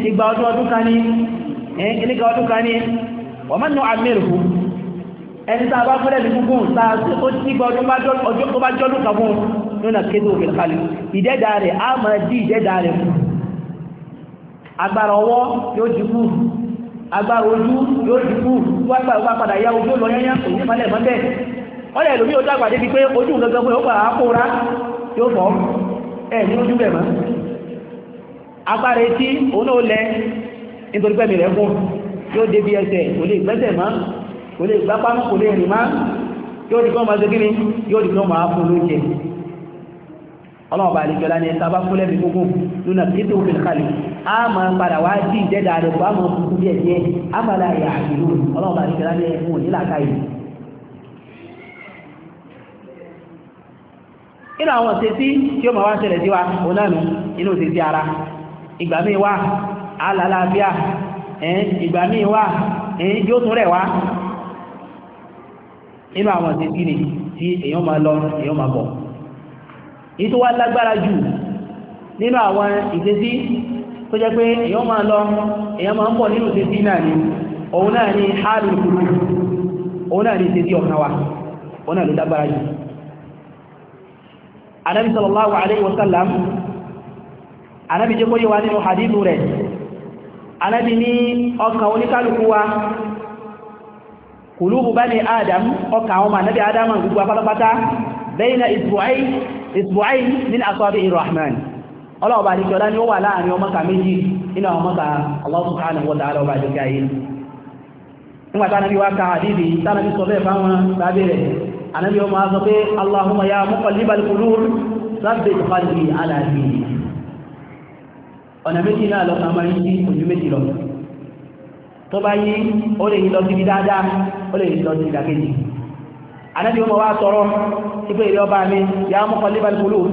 ìgbà ọdún ọdún kan ní ìníkà ọdún kan ní fún agbára ojú yóò dìkú wágbà wá padà yá ojú lọ yányá òun palẹ̀ mọ́ bẹ́ẹ̀ wọ́n lẹ̀ lómi ojú àgbàdé ti pé ojú gẹ́gẹ́ pé ó gbà á kóra yóò fọ́ ẹ̀ ní ojú bẹ̀ mọ́ agbára etí òun náà lẹ nítorí pẹ́mi rẹ̀ kún yóò débi ẹsẹ̀ kò lè gbẹ́sẹ̀ mọ́ kò lè gbápá kò lè rìn mọ́ yóò dìkọ́ máa ọlọ́ọ̀bá àlejọ́lá ní ẹta bá fúnlẹ̀ bí gbogbo lónà kí tó fi kalẹ̀ a máa padà wá sí ìjẹ́dà rẹ̀ bá mọ̀ fún bí ẹ̀jẹ́ a máa la ìyá àgbèrò ọlọ́ọ̀bá àlejọ́lá ní ẹ̀fún òní làkà yìí. inú àwọn òṣèṣí tí ó máa wá ṣẹlẹ̀ sí wa òun náà nù inú òṣèṣí ara ìgbà míì wá alàlàáfíà ìgbà míì wá yóò tún rẹ̀ wá inú àwọn òṣèṣí ni tí èèyàn máa lọ èèyàn máa bọ̀ ìtò wá lágbára jù nínú àwọn ìṣesí tó jẹ́ pé èyàn máa lọ èyàn máa ń nínú náà ni òun náà ni hálùlù kúrú òun náà ni ìṣesí ọ̀kan òun náà ló lágbára jù anábi sallallahu alaihi wasallam na isbu'ayn min asabi'i rahman ọlọ́ọ̀bá àdíkọ́lá ni ó wà láàrin ọmọka méjì nínú àwọn ọmọka Allah subhanahu wa ta'ala ọba àdíkà yìí nígbà tánàbí wá ká àdíbi tánàbí sọ bẹ́ẹ̀ fáwọn tàbí rẹ̀ anábí ọmọ a sọ pé Allahumma ya muqallibal qulub thabbit qalbi ala dinik ọ̀nà méjì náà lọ kàmà yí ojú méjì lọ tó bá yí ó lè yí lọ sí dáadáa ó lè yí lọ sí ìdàkejì anábí ọmọ wá sọ̀rọ̀ ipé ìrẹ́ ọba mi ya muqallibal qulub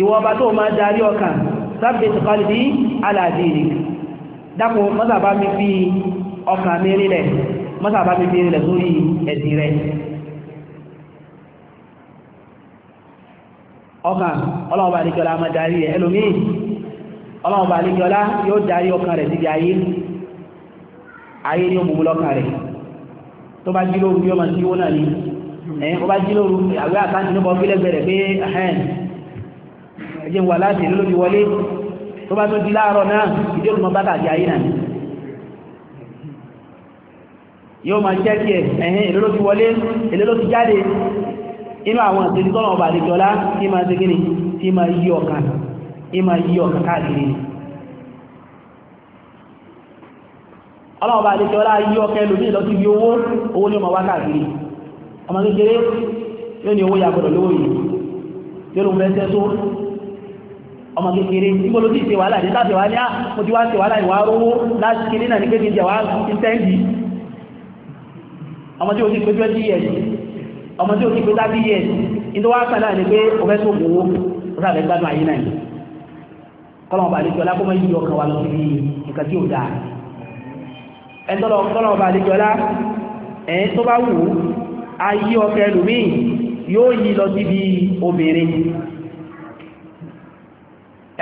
ìwọ ọba tó máa darí ọkàn sabbit qalbi ala dinik dákun mọ́sàbá mi fi ọkàn mi rílẹ̀ mọ́sàbá mi fi rílẹ̀ sórí ẹ̀sìn rẹ̀ ọkàn ọlọ́ọ̀bà àríkọlá máa darí rẹ̀ ẹlòmíì ọlọ́ọ̀bà àríkọlá yóò darí ọkàn rẹ̀ síbi ẹ̀yìn kọba jí lóru àwẹ́ àkáǹtì ní bọ́ọ̀bí lẹ́gbẹ̀rẹ̀ pé ẹ̀hẹ́n ẹjẹ́ wà láti ìlú lóbi wọlé tó bá tó di láàárọ̀ náà ìdí olùmọ bá tàbí ayé náà yóò máa jẹ́ kí ẹ̀hẹ́n èlé ló ti wọlé èlé ló ti jáde inú àwọn ìsinmi tọ́nà ọba àdìjọlá tí máa ṣe gíní tí máa yí ọ̀kan tí máa yí ọ̀kan káàkiri ọlọ́ọ̀bà àdìjọlá yí ọ̀kan ẹlòmí lọ sí ibi owó ọmọ kékeré yóò ní owó yàgbọ́dọ̀ lówó yìí yóò lóun fẹ́ tẹ́ tó ọmọ kékeré níbo ló ti ṣe wàhálà ní láti wàhálà ah, mo ti wá ṣe wàhálà ìwà rówó láti kéré náà ní pé kí n jẹ wàhálà ń tẹ́ǹdì ni pé o fẹ́ tó kò wó o sábẹ́ gbádùn ayé náà kọ́lọ́mù bàálí tí ọlá kó máa yí ọkàn wa lọ sí nǹkan tí ò dáa ẹ̀ ẹ̀ tó bá wù ú ayé ọkẹ ẹlòmíì yóò yí lọ síbi obìnrin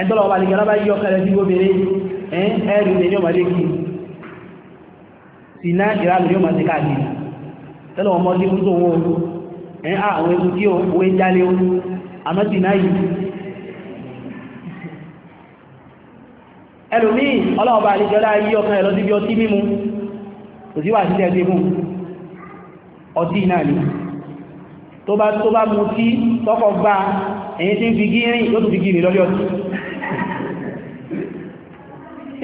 ẹ̀ntọ́lọ̀ ọba lè gẹ́lá bá yí ọkẹ rẹ̀ síbi obìnrin ẹ̀rù lè ní ọmọdé kí sínà ìrànlẹ̀ yóò máa ti káàkiri tẹ́lọ̀ ọmọ ọdí mú tó wọ́n ẹ̀yìn àlejọ́lá yí ọkẹ rẹ̀ lọ ọtí mímu kò síwà sílẹ̀ ọtí náà ni tó bá tó bá mú tí tọ́kọ̀ gbá ẹ̀yìn tí ń fi gírin ló tún fi gírin lọ́lẹ́ ọtí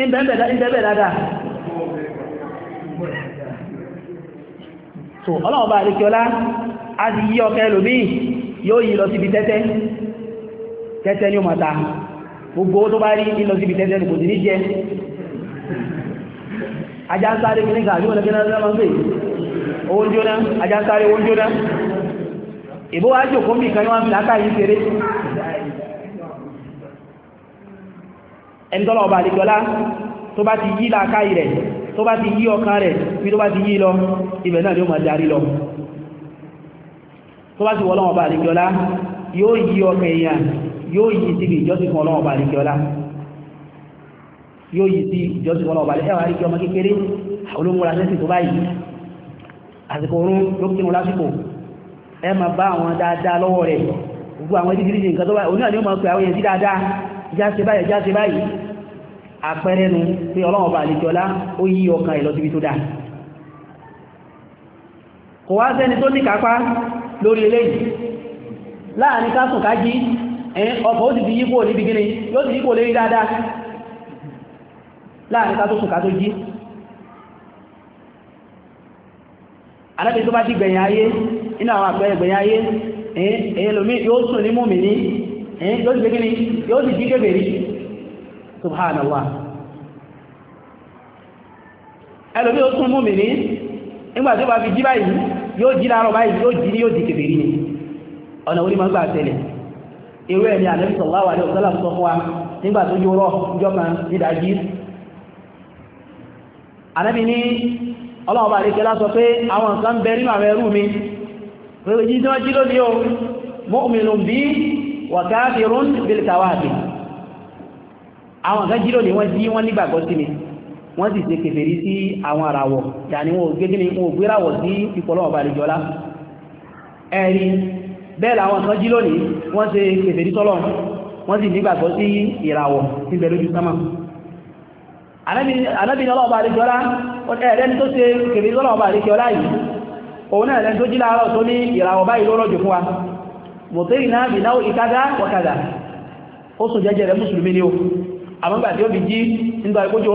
ìbẹ̀bẹ̀ dáadáa so ọlọ́ọ̀bá àríkíọlá a ti yí ọkẹ́ lómi yóò yí lọ síbi tẹ́tẹ́ tẹ́tẹ́ ní o mata gbogbo tó bá rí ìlọ síbi tẹ́tẹ́ ní kò sí ní jẹ́ ajá ń sáré kìnnìkà yóò lẹ́gbẹ̀ẹ́ owó jóná ajá ń sáré owó jóná ìbó wá jòkó mí kan ní wọ́n fi láká yìí ṣeré ẹni tọ́lọ̀ ọba àdìgbọ́lá tó bá ti yí láká yìí rẹ̀ tó bá ti yí ọkàn rẹ̀ bí tó bá ti yí lọ ibẹ̀ náà ni ó máa darí lọ tó bá ti wọ́ lọ́wọ́ ọba àdìgbọ́lá yóò yí ọkàn èèyàn yóò yí síbi ìjọsìn fún ọlọ́wọ́ ọba àdìgbọ́lá yóò yí sí ìjọsìn fún ọlọ́wọ́ ọba àdìgbọ́lá ẹwà àdìgbọ́ àsìkò orún ló kí mú lásìkò ẹ ma bá àwọn dáadáa lọ́wọ́ rẹ̀ gbogbo àwọn ìdíjíríjì nǹkan tó báyìí oníwà ni ó ma pè àwọn èèyàn sí dáadáa jáse báyìí jáse báyìí àpẹẹrẹ nu pé ọlọ́wọ̀n bá àlejọ́lá ó yí ọkàn ẹ̀ lọ síbi tó dáa kò wá sẹ́ni tó ní kápá lórí eléyìí láàrin kásùn ká ọkọ̀ ó sì ti yípo níbi gíní yóò sì yípo lérí dáadáa láàrin kásùn ká tó alábi tó bá ti gbẹ̀yìn ayé iná àwọn àpẹẹrẹ gbẹ̀yìn ayé èyí lómi yóò sùn ní múmi ní yóò sì gbẹ́gbẹ́ni yóò sì jíkẹ́ bèrí subhanallah ẹlòmí yóò sùn múmi ní nígbà tó fi jí báyìí yóò jí báyìí yóò jí ní yóò ni wa ọlọ́ọ̀bá àríkẹ́lá sọ pé àwọn nǹkan bẹ nínú àwọn ẹrú mi pẹ̀lú jí náà jí lónìí o mọ́ọ̀mìnù bí wàkáàfirún bílkàwàbí àwọn nǹkan jí lónìí wọ́n jí wọ́n nígbàgbọ́ sí mi wọ́n sì ṣe kèfèrí sí àwọn àràwọ̀ yàní wọn ò gbérawọ̀ sí ìpọ̀lọ́ọ̀bá àríjọlá ẹ̀rí bẹ́ẹ̀ làwọn nǹkan jí lónìí wọ́n ṣe kèfèrí sọ́lọ́ wọ́n sì nígbàgbọ́ sí ìràwọ̀ níbẹ̀ lójú sámà anábìnrin ọlọ́ọ̀bá àríjọlá ẹ̀rẹ́ni tó ṣe kèrè lọ́nà ọba àríkẹ́ ọlá ọba òun náà ẹ̀rẹ́ni tó jí láàárọ̀ tó ní ìràwọ̀ báyìí lọ́rọ̀ jù fún wa mọ̀tẹ́rì náà bí náà ìkádá ó sùn jẹ́jẹ́ rẹ̀ mùsùlùmí ni ó àmọ́gbà ó bí jí nígbà ìkójú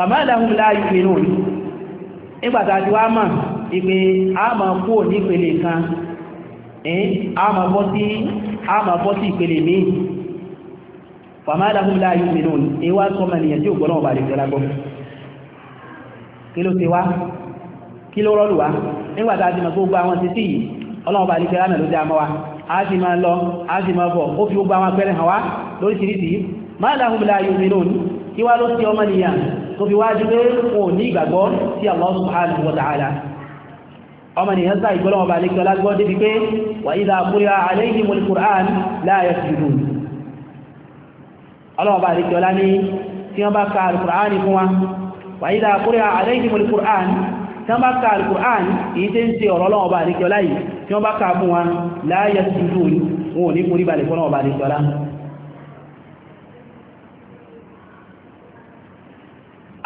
fàmàlàhùn láàyè ìpinnu nígbàtà tí wá mọ̀ ìpé a ma kú ní ìpele kan a ma bọ́ sí a ma bọ́ sí ìpele míì fàmàlàhùn láàyè ìpinnu ìwá sọmọ ènìyàn tí ò gbọ́nà ọba lè jọra gbọ́ kí ló ti wá kí ló rọ́lù wá nígbàtà tí ma gbogbo àwọn títí yìí lọ a ma bọ̀ ó fi gbogbo àwọn apẹ́rẹ́ hàn wá lóríṣiríṣi máa láhùn láàyè ìpinnu kí wá ló sí ọmọ ènìyàn tó fi wájú pé wọn ò ní ìgbàgbọ́ sí Allah subhanahu wa ta'ala ọmọ nìyàn sáà ìgbọ́lọ́ ọba alẹ́kọ́ lágbọ́ débi pé wà ìdá quri'a alayhimul Qur'an la yasjudun ọlọ́ọba alẹ́kọ́ lá ní tí wọ́n bá ka alùkùránì èyí tí ń ṣe ọ̀rọ̀ ọlọ́ọba alẹ́kọ́ láyìí tí wọ́n bá ka fún wa la yasjudun wọn ò ní kúrí balẹ̀ fọ́lọ́ọba alẹ́kọ́ lá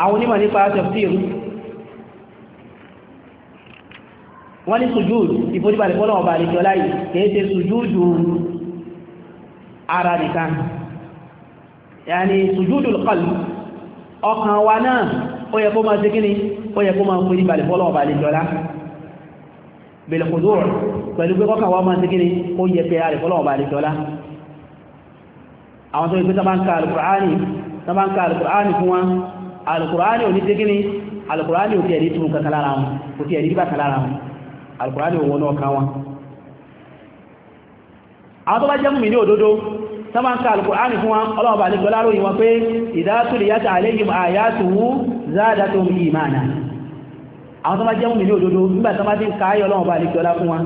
àwọn onímọ̀ nípa tafsir wọ́n ní sùjúdù ìforíbalẹ̀ fọ́nà ọba àlejò láyé kìí ṣe sùjúdù ara nìkan yàní sùjúdù qalb ọkàn wa náà ó yẹ kó máa ṣe kíni ó yẹ kó máa foríbalẹ̀ fọ́nà ọba àlejò lá bil khudu' pẹ̀lú pé kọ́kàn wa máa àwọn tó yẹ pé tá fún wọn alukurani òní tẹ́gíní alukurani òkè ẹ̀rí tún kankan lára wọn òkè ẹ̀rí bá kan lára wọn alukurani òun náà kan wọn àwọn tó bá jẹ́ mùmí ní òdodo sábà ń ka alukurani fún wọn ọlọ́wọ́ bá nígbà láró ìwọ̀n pé ìdásùlì yàtọ̀ àlẹ́yìn àyàtùwú záàdàtò ìmáàna àwọn tó bá jẹ́ mùmí ní òdodo nígbà tó bá ti ń ka ayọ̀ ọlọ́wọ́ bá nígbà láró fún wọn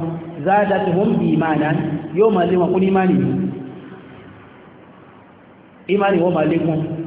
záàdàtò ìmáàna yóò máa lé wọn kún ní ìmáàni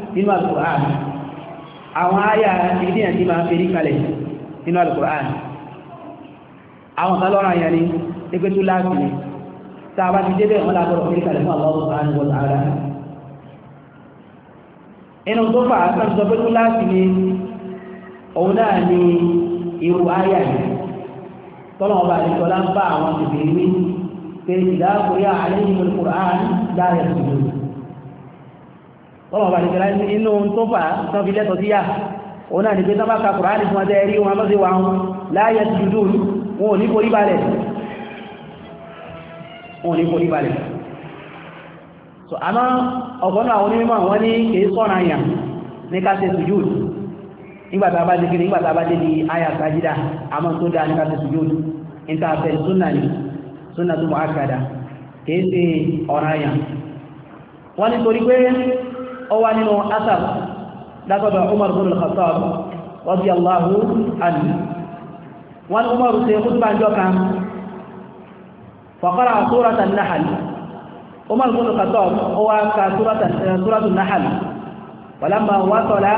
nínú Al-Qur'an àwọn àyà ìdí ẹ̀sí máa fi rí kalẹ̀ nínú Al-Qur'an àwọn kan lọ́rọ̀ àyà ni pé tó láti ni tá a bá ti débẹ̀ wọn lágbọ́dọ̀ fi rí kalẹ̀ fún Allah subhanahu wa ta'ala inú tó fà á sàn sọ pé tó láti ni òun náà ni irú àyà yìí tọ́lọ́wọ́ bá ti sọ láǹbà àwọn tìbìrì wí pé ìdáàbòyà àlẹ́ ìmọ̀ Al-Qur'an láàyè tuntun tọ́lọ̀ ọba àdìgbẹ́lá inú tó fà tán fi lẹ́tọ̀ sí yà òun náà nìgbé tábà ka kùránì fún ọdẹ rí wọn lọ́sí wọn láàyè ti dùn wọn ò ní forí balẹ̀ wọn ò ní forí balẹ̀ so àmọ́ ọ̀gbọ́n náà wọn mímọ̀ wọn ní kìí sọ́nà àyà ní ká ṣe sùjúd nígbàtà bá dé kiri nígbàtà bá dé di àyà sájídà àmọ́ tó dáa ní ká ṣe sùjúd níta fẹ́ wọ́n ní torí pé ọwá nínú asar lágbàbà umar bin al-khattab radiyallahu anhu wọn umar ṣe kútùbà jọ kan fọ̀kọ́ra súrata nahal umar bin al-khattab ọwá ka súrata eh, nahal walamma wasala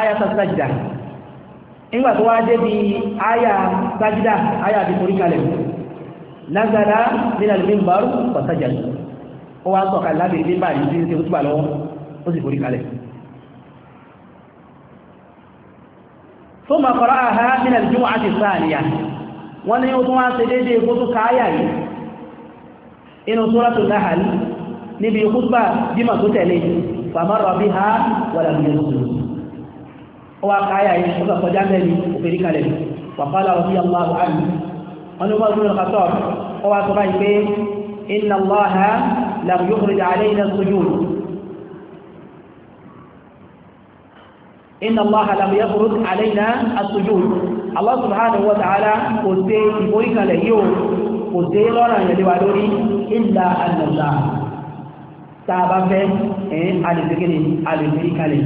ayata sajda ìgbà tó wá dé bí aya sajda aya bí forí kalẹ̀ nazala min al-minbar fasajada ó wá sọ̀kà lábẹ́ ìdíbà yìí tí ó ti lọ́wọ́ ó sì forí kalẹ̀ tó ma kọ́rọ̀ àhá nínà ìjúmọ̀ àti sáàlìyà wọ́n ni ó tún wá ń ṣe dédé kó tó káyà yìí inú sóràtò náhàlì níbi ìkútbà jímà tó tẹ̀lé fàmárọ̀ bí ha wà làbíyàn Inna Allah lam yukhrij alayna as inna allaha lam yafurud alaina asujud allah subhanahu wa ta'ala kò ṣe ìborí kalẹ̀ yíò kò ṣe lọ́rọ̀ yẹn lẹ́wà lórí illa annallah tàbá fẹ́ ẹ̀yìn alìsíkìlì alìsíkì kalẹ̀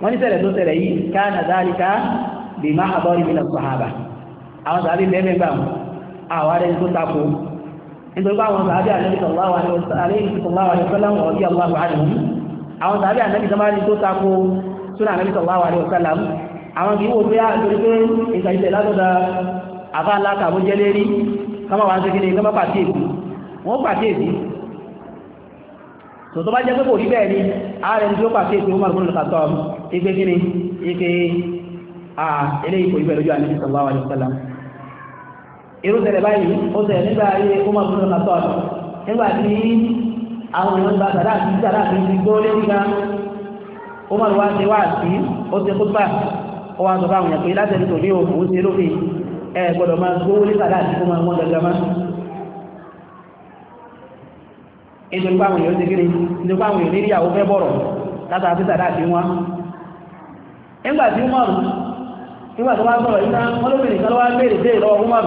wọ́n ní ṣẹlẹ̀ tó ṣẹlẹ̀ yìí kana dhalika bi mahdari min as-sahaba àwọn sàbí bẹ́ẹ̀ gbà àwọn arẹ́ni tó tako nítorí pé àwọn sàbí àlẹ́bí sallallahu alaihi wasallam àwọn sàbí àlẹ́bí tó tako súnà Nabi sallallahu alaihi wasallam àwọn kìí wò pé á ah, torí pé ìgbà ìṣẹ̀ látọ̀dọ̀ àbá aláta bó jẹ́ lérí kọ́mọ̀ wá ń segin ní kọ́mọ̀ pàtíyèsí wọ́n pàtíyèsí tó tó bá jẹ́ pé kò rí bẹ́ẹ̀ ni ààrẹ ní tí ó pàtíyèsí ó mọ̀rún lọ́ta tọ́ igbe gíní ike eléyìí kò ibẹ̀ lójú àníbi sallallahu alaihi wasallam irú tẹ̀lẹ̀ báyìí ó tẹ̀ nígbà ayé ó mọ̀rún lọ́ta tọ́ nígbà tí àwọn èèyàn gba sàdáàkì sàdáàkì ti gbó lé Umar wá ṣe wá sí ó ti kó bá ó wá sọ fáwọn èèyàn pé látẹ̀lú tòní òun ṣe lófin ẹ gbọ́dọ̀ máa gbówó ní sàdá àti kó máa wọ́n dandan máa nítorí pàwọn èèyàn ti kéré nítorí pàwọn èèyàn nírí àwọn fẹ́ bọ̀rọ̀ látara sí sàdá àti wọn nígbà tí Umar nígbà tó wá sọ̀rọ̀ iná wọn lóbìnrin kan ló wá béèrè béèrè lọ́wọ́ Umar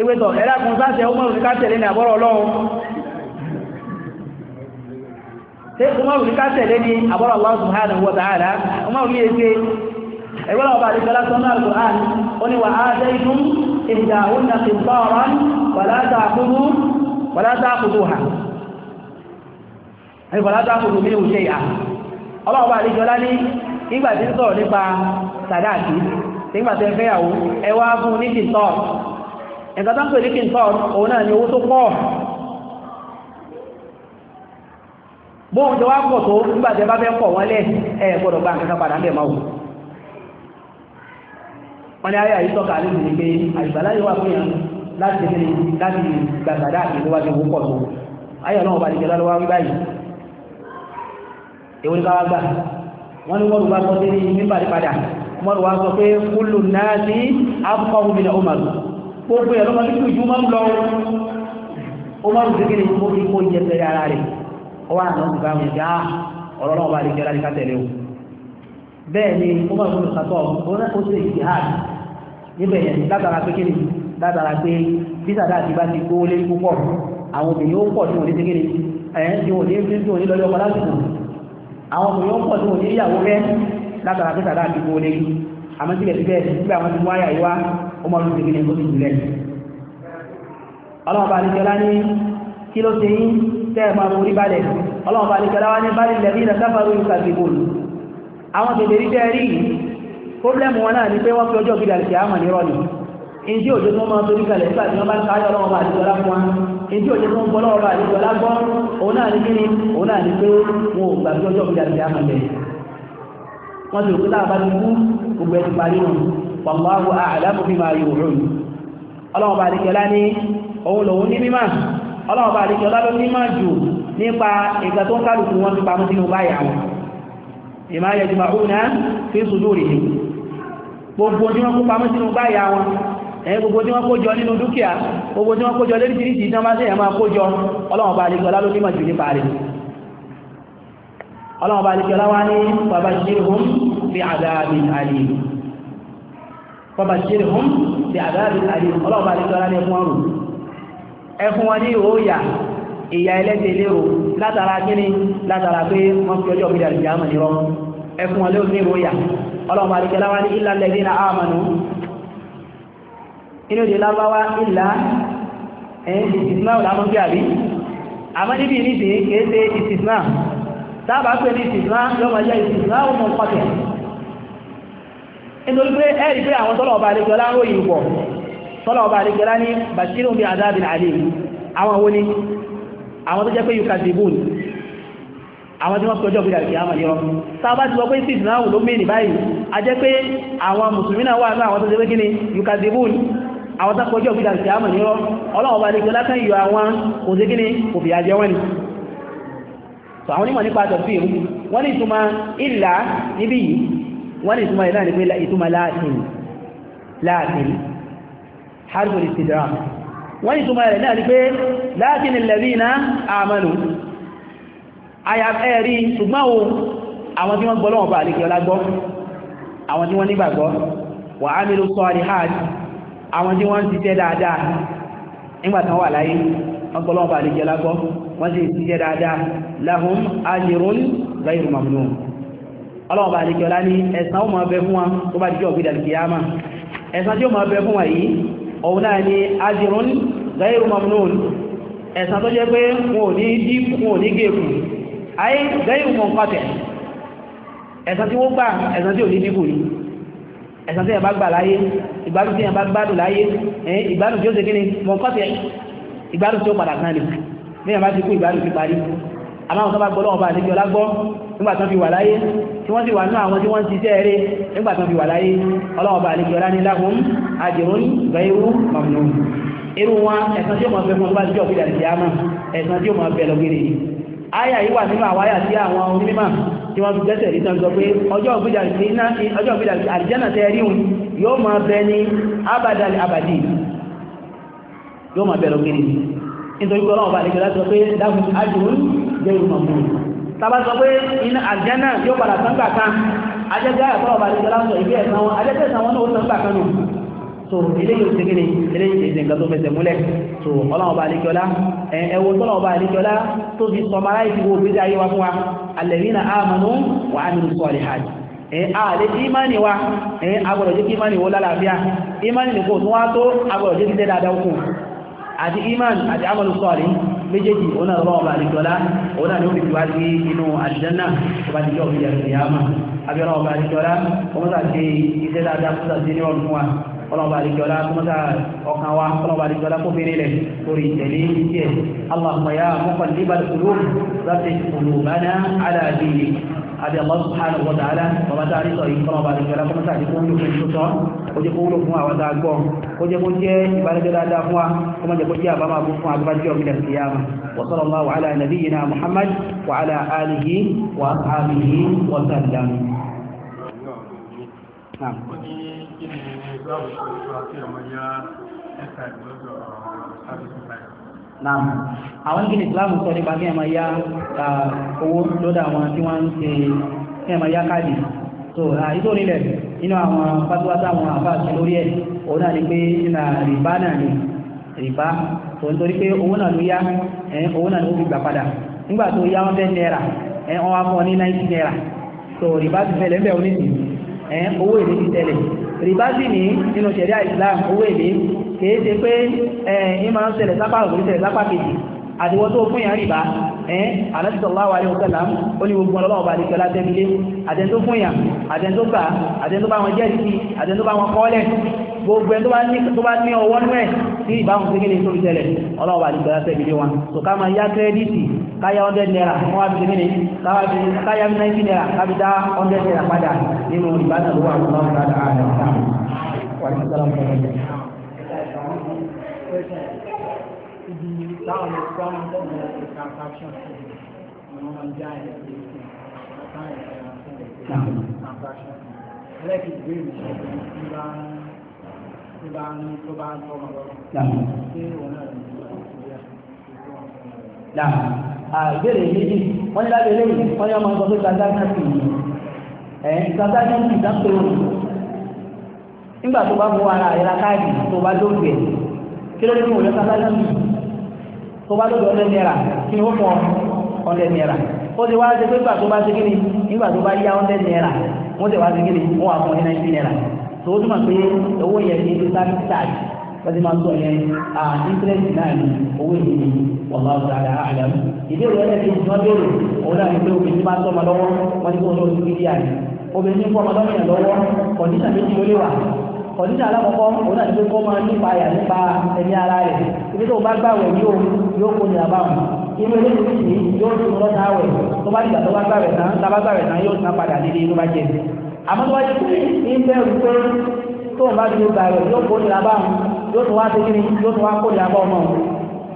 ewé tọ̀ ẹ̀rá kan sáṣẹ Umar ní ká tẹ̀lé ní àbọ̀rọ̀ Ọlọ́run ṣe umaru ní ká tẹ̀lé umaru ọlọ́ọ̀bá àdìsọ́lá ní ìgbà tí ń sọ̀rọ̀ nípa sàdáàkì nígbà tẹ́ fẹ́yàwó ẹwà fún tán òun náà ni owó tó pọ̀ bóun jọ wá pọ̀ tó nígbàtẹ́ bá fẹ́ pọ̀ wọ́n lẹ́ ẹ̀ gbọ́dọ̀ gba nǹkan padà bẹ̀ máa wù wọ́n ní ayé àyíṣọ́ka nínú ni pé àìgbàlá yóò wà fún yàn láti ṣe láti gbàgbàdá àti ìlú wájú pọ̀ tó ayé ọlọ́run bá ti jẹ́ lọ́wọ́ wí báyìí ó wà náà ti bá wọn ìjà ọ̀rọ̀ náà wà lè jẹ́ láti kátẹ̀lé o bẹ́ẹ̀ ni ó máa fún ìkàtọ̀ ó sì ti hà níbẹ̀ yẹn látara pé kíni látara pé bísà láti bá ti gbówó lé púpọ̀ àwọn obìnrin ó pọ̀ tí wọ́n ní kíni ẹ̀yẹ́ tí wọ́n ní tí wọ́n ní lọ́lẹ́ ọkọ̀ lásìkò àwọn obìnrin ó pọ̀ tí wọ́n ní ìyàwó rẹ̀ látara bísà láti gbówó lé àmọ́ síbẹ̀síbẹ̀ nígbà wọn ti mú àyà yìí ó máa lóṣù kíni ó ti jù lẹ̀ ọlọ́run ní kí ló ṣe yín kẹ́ẹ̀mà orí balẹ̀ ọlọ́ọ̀bá alìkẹ́láwà ní bali lẹ́bínà sáfàrú ìsàgbìbòn àwọn a tẹ́ẹ̀rí pọ́blẹ́mù wọn náà ni pé wọ́n fi ọjọ́ gíga ìṣẹ́ àmà ní rọ́nì ìjí òjò tó máa torí kalẹ̀ nígbà tí bá ń sáájọ́ ọlọ́wọ́ wọn ìjí òjò tó ń bọ́ lọ́wọ́ dị ọlọ́run bá àríkẹ́ ọlá ló ní máa jù nípa ìgbà tó ń kálùkù wọn ti pamọ́ sínú báyà wọn ìmá yẹ jùmọ̀ òun náà fi sùdú rèé gbogbo tí wọ́n kó pamọ́ sínú báyà wọn ẹ̀yìn gbogbo tí wọ́n kó jọ nínú dúkìá gbogbo tí wọ́n kó jọ lóríṣiríṣi tí wọ́n bá sẹ́yìn máa kó jọ ọlọ́run bá àríkẹ́ ọlá ló ní máa jù nípa rẹ̀ ọlọ́run àríkẹ́ ọlá ẹfún wọn ní òòyà ìyà ẹlẹ́sẹ̀ lérò látara kíní látara pé wọ́n fi ọjọ́ ìdàrí ìyá àmàlì rọ ẹfún wọn lérò ní òòyà ọlọ́run àríkẹ́ láwá ní ìlà lẹ́gbẹ́ na àmànú inú ẹ̀rí pé àwọn tọ́lọ̀ ọba àríkẹ́ láwọ́ yìí tọ́lá ọba àríkẹ́lá ní bashirun bí adábìn alim àwọn owó ní àwọn tó jẹ́ pé yukazibun àwọn tí wọ́n sọjọ́ bí àríkẹ́ àmà yọ sábà ti wọ́n pé sí ìsìnláwò ló mìíràn báyìí a jẹ́ pé àwọn mùsùlùmí náà wà ní àwọn tó jẹ́ pé kí ni yukazibun àwọn tó kọjọ́ bí àríkẹ́ àmà yọ ọlọ́wọ́ ọba àríkẹ́lá kan yọ àwọn kò sí kí ni kò fìyà jẹ wọ́n ni so àwọn onímọ̀ nípa tafsir wọ́n ní ìtumọ̀ ìlà níbí yìí wọ́n ní ìtumọ̀ ìlà ní pé ìtumọ̀ láàkìn láàkìn harbu al-istidrak wọ́n ni túnmọ̀ rẹ̀ náà ni pé lakin alladhina amanu ayàfẹ́ẹ̀rí ṣùgbọ́n o àwọn tí wọ́n gbọ́ lọ́wọ́ bá àlékẹ́ ọlágbọ́ àwọn tí wọ́n nígbàgbọ́ wa amilu salihat àwọn tí wọ́n ti tẹ́ dáadáa nígbàtán wà láyé wọ́n gbọ́ lọ́wọ́ bá àlékẹ́ ọlágbọ́ wọ́n sì ti tẹ́ dáadáa lahum ajrun ghayru mamnun ọlọ́wọ́ bá àlékẹ́ ọlá ní ẹ̀san ó bẹ fún wọn tó bá dijọ́ ògbé òun náà ni ajirun gairu mamnun ẹ̀san tó jẹ́ pé wọn ò ní dípù wọn ò ní gẹ̀ẹ́kù ayé gairu mọ̀nkọ́tẹ̀ ẹ̀san tí wọ́n gbà ẹ̀san tí ò ní dípù ni tí ẹ̀ gbà láyé ìgbádùn tí ẹ̀ gbádùn láyé ìgbádùn tí ó ni padà kan ni bí ẹ̀ bá àmáwọn tó bá gbọ́ lọ́wọ́ bá àdéjọ́ lágbọ́ nígbà tán fi wà láyé tí wọ́n sì wà náà àwọn tí wọ́n ti tẹ́ẹ̀rẹ́ nígbà tán fi wà láyé ọlọ́wọ́ bá àdéjọ́ lá ní lahum ajrun ghayru mamnun irú wọn ẹ̀san tí ó mọ̀ fẹ́ fún ọgbà jọ́ fìdà ìdí àmà ẹ̀san tí ó mọ̀ fẹ́ lọ́gbẹ̀rẹ̀ yìí áyà yìí nínú àwáyà sí àwọn onímọ̀ tí wọ́n fi gbẹ́sẹ̀ rí tán pé ọjọ́ ìgbìdà àlìjánà abadi yóò máa bẹ nítorí pé ọlọ́wọ́ bá lè gbẹ́lá sọ pé dáhùn ajùn jẹ́ ìrùmọ̀ mú tàbá sọ pé iná àjẹ́nà yóò padà sáńgbà kan ajẹ́gbẹ́ àyàtọ́wọ́ bá lè gbẹ́lá sọ ìgbé ẹ̀sán wọn ajẹ́gbẹ́ ẹ̀sán wọn náà sáńgbà kan nù so eléyìí ò segin ni eléyìí èdè nǹkan tó fẹsẹ̀ múlẹ̀ so ọlọ́wọ́ bá lè gbẹ́lá ẹ̀wọ̀ tọ́lọ́wọ́ bá lè gbẹ́lá tó fi sọmara ìdìbò gbéjà yé wa fún wa alladhina amanu wa amilu salihat ààrẹ ìmáni wa agbọ̀dọ̀ jẹ́ kí ìmáni wó lálàáfíà ìmáni nìkan tó wá tó agbọ̀dọ̀ jẹ́ kí tẹ́ dáadáa okùn àti iman àti amalu sọ́ọ̀lẹ̀ méjèèjì òun náà rọ́ọ̀bà àdìjọ́lá òun náà ni ó fi wá sí inú àdìjọ́nà tó bá ti jọ́ òfin yàtọ̀ yàmà ọba àdìjọ́lá ọmọ sàti iṣẹ́ dáadáa fún sàti ní ọdún wa ọlọ́ọ̀bá àdìjọ́lá kọmọ́tà ọkàn wa ọlọ́ọ̀bá àdìjọ́lá kó fèrè lẹ̀ lórí ìtẹ̀lé ìtẹ̀ aláàmọ̀yá muqallibal qulub láti qulubana ala dinik àti Allah subhanahu wa ta'ala bàbá tá a rí sọ yìí ọlọ́ọ̀bá àdìjọ́lá kọmọ́tà àti kóńdó fún ìtútọ́ ó jẹ́ kóńdó fún àwọn àgbọ̀ ó jẹ́ kó jẹ́ ìbálẹ́jọ́ dáadáa fún الله على نبينا محمد وعلى آله وأصحابه وسلم báwo ṣe fún àti ọmọ yá ẹ̀ka ìgbọ́dọ̀ sábẹ́sì báyìí. Naam, àwọn gini Islam sọ nípa kí ẹmọ ya owó lọ́dọ̀ àwọn tí wọ́n ń ṣe kí ẹmọ ya káàdì. So, àìsó nílẹ̀ nínú àwọn pátíwátá àwọn àfáàṣẹ lórí ẹ̀, òun náà ni pé nínú rìbá náà ni rìbá. So, nítorí pé owó náà ló yá, owó náà ló fi gbà padà. Nígbà tó yá wọ́n fẹ́ náírà, wọ́n wá fún ọ rìbá sì ní nínú ṣẹ̀ríà Islam owó èlé kìí ṣe pé ẹ̀yìn máa ń ṣẹlẹ̀ sápá òkúrí ṣẹlẹ̀ sápá kejì àdíwọ́ tó fún yàn rìbá ẹ̀yìn alẹ́sìtọ̀láwà alẹ́ òkèlám ó ní gbogbo ọlọ́wọ́ bá nìkẹ́lá tẹ́mílé àtẹ́ntó fún yàn àtẹ́ntó gbà àtẹ́ntó bá ni tó fi tẹ́lẹ̀ ọlọ́wọ́ bá nìkẹ́lá tẹ́mílé wọn so ká máa yá káyá 100 naira wọ́n wá fi mí ní káyá 90 naira kábi dá 100 naira padà nínú ìbátan lówó àwọn ọmọ ọ̀rọ̀ àdáhà wà ní sọ́lá ọ̀pọ̀ ọ̀pọ̀ náà àgbèrè méjì wọ́n ní lábẹ́ lẹ́yìn wọ́n ní ọmọ ọgbọ́n tó gbàgbá náà sì ẹ̀ gbàgbá náà sì dáńtò nígbà tó bá mú ara àyẹ̀lá káàdì tó bá dóògbé kí ló náà tó bá dóògbé kí ni ó fọ ó ti wá ṣe pé nígbà tó bá ṣe kíni nígbà tó bá yá wọ́n ti wá ṣe kíni wọ́n wà fún lọ́dí máa ń sọ yẹn à íńtírẹ́sì náà ni owó èyí ni ọ̀la ọ̀la àdá àdàm ìbéèrè ẹlẹ́sìn tí wọ́n béèrè òun náà ni pé obìnrin tí máa ń sọmọ lọ́wọ́ wọ́n ní kó lọ́wọ́ sí kíkí àná obìnrin tí ń fọ́ ọmọ lọ́wọ́ yẹn lọ́wọ́ kọ̀díṣà méjì ló lè wà kọ̀díṣà alákọ̀ọ́kọ́ òun náà ni pé kọ́ máa nípa àyà nípa ẹ̀mí ara rẹ̀ ibi tó bá gbàwẹ̀ yóò yóò kó nira báwọn inú eléyìí ti ní yóò tún lọ́ta àwẹ̀ tó bá dìgbà tó bá gbàwẹ̀ tán tá bá gbàwẹ̀ tán yóò tún padà nílé inú bá jẹ àmọ́ tó bá jẹ́ pé ń bẹ̀rù pé tó ń bá ti gbà rẹ̀ yóò kó nira bá wọn yóò tún wá sí kí ni yóò tún wá kó nira bá ọmọ wọn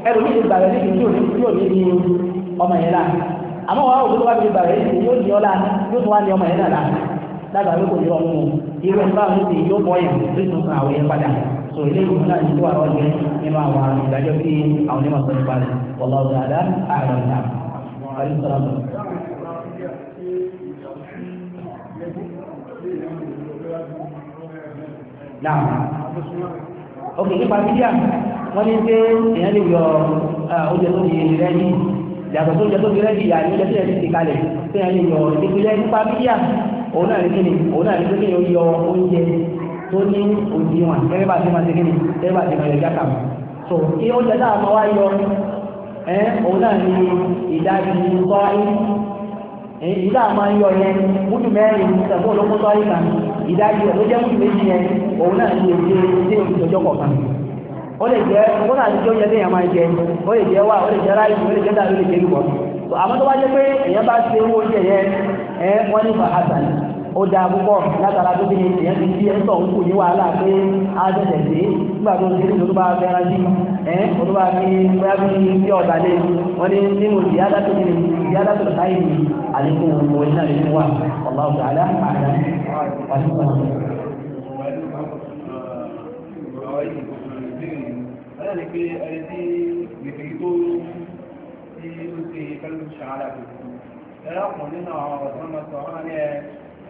ẹrù mi ti gbà rẹ̀ níbi tí ò ní ní ọmọ yẹn láà àmọ́ wàá òkú tó bá ti gbà rẹ̀ níbi yóò ní ọlá yóò tún wá ní ọmọ yẹn náà láà dábàá ló kò ní ọmọ wọn irú ẹni báwọn ní ti yóò bọ́ yẹn lórí tún kan àwọn padà so ilé ìgbìmọ̀ náà ní tó àwọn ọ̀gbẹ́ nínú àwọn ìdájọ́ bí àwọn onímọ̀ sọ́ni padà náà òkè nípa bídíà wọ́n ní pé èèyàn lè yọ oúnjẹ tó di rẹ́dí ìyàtọ̀ tó jẹ di rẹ́dí ìyà ní oúnjẹ tó ti kalẹ̀ pé èèyàn lè yọ ìpínlẹ̀ nípa bídíà òun náà ní kíni òun náà ní pé kéèyàn yọ oúnjẹ tó ní òdiwọ̀n gẹ́gẹ́ bá ti máa ṣe kíni so kí oúnjẹ náà máa wá yọ ẹ òun náà ní ìdájí sọ́ọ́ ìdá máa ń yọ yẹn múdù mẹ́rin ìtàkùn olókùn ìdájọ́ ló jẹ́ mùsùlùmí méjì yẹn òun náà ní èdè ilé ìjọjọ́ kọ̀ọ̀kan ó lè jẹ́ ó náà jọ yẹ léèyàn máa jẹ ó lè jẹ́ wà ó lè jẹ́ ráì ó lè jẹ́ dàrú ó lè jẹ́ rúbọ àmọ́ tó bá jẹ́ pé èèyàn bá ṣe owó oúnjẹ yẹn ẹ wọ́n ní fa hasan ó dáa púpọ̀ látara tó kíni èèyàn ti fi ẹ̀ńtọ̀ ń kù ní wàhálà pé á tẹ̀sẹ̀ sí nígbà tó ti ló bá fẹ́ràn sí ẹ̀ ó tó bá fi bóyá fi fi ọ̀dà lé wọ́n ní nínú ìyá látò kíni ìyá látò táyì ní àlékún òwe náà lè wà ọ̀la ọ̀gá àdá àdá wà ní ọ̀la. ọ̀la ni pé ẹni tí gbèsè tó ẹ̀rọ ọkùnrin náà ọ̀sán máa sọ ọ́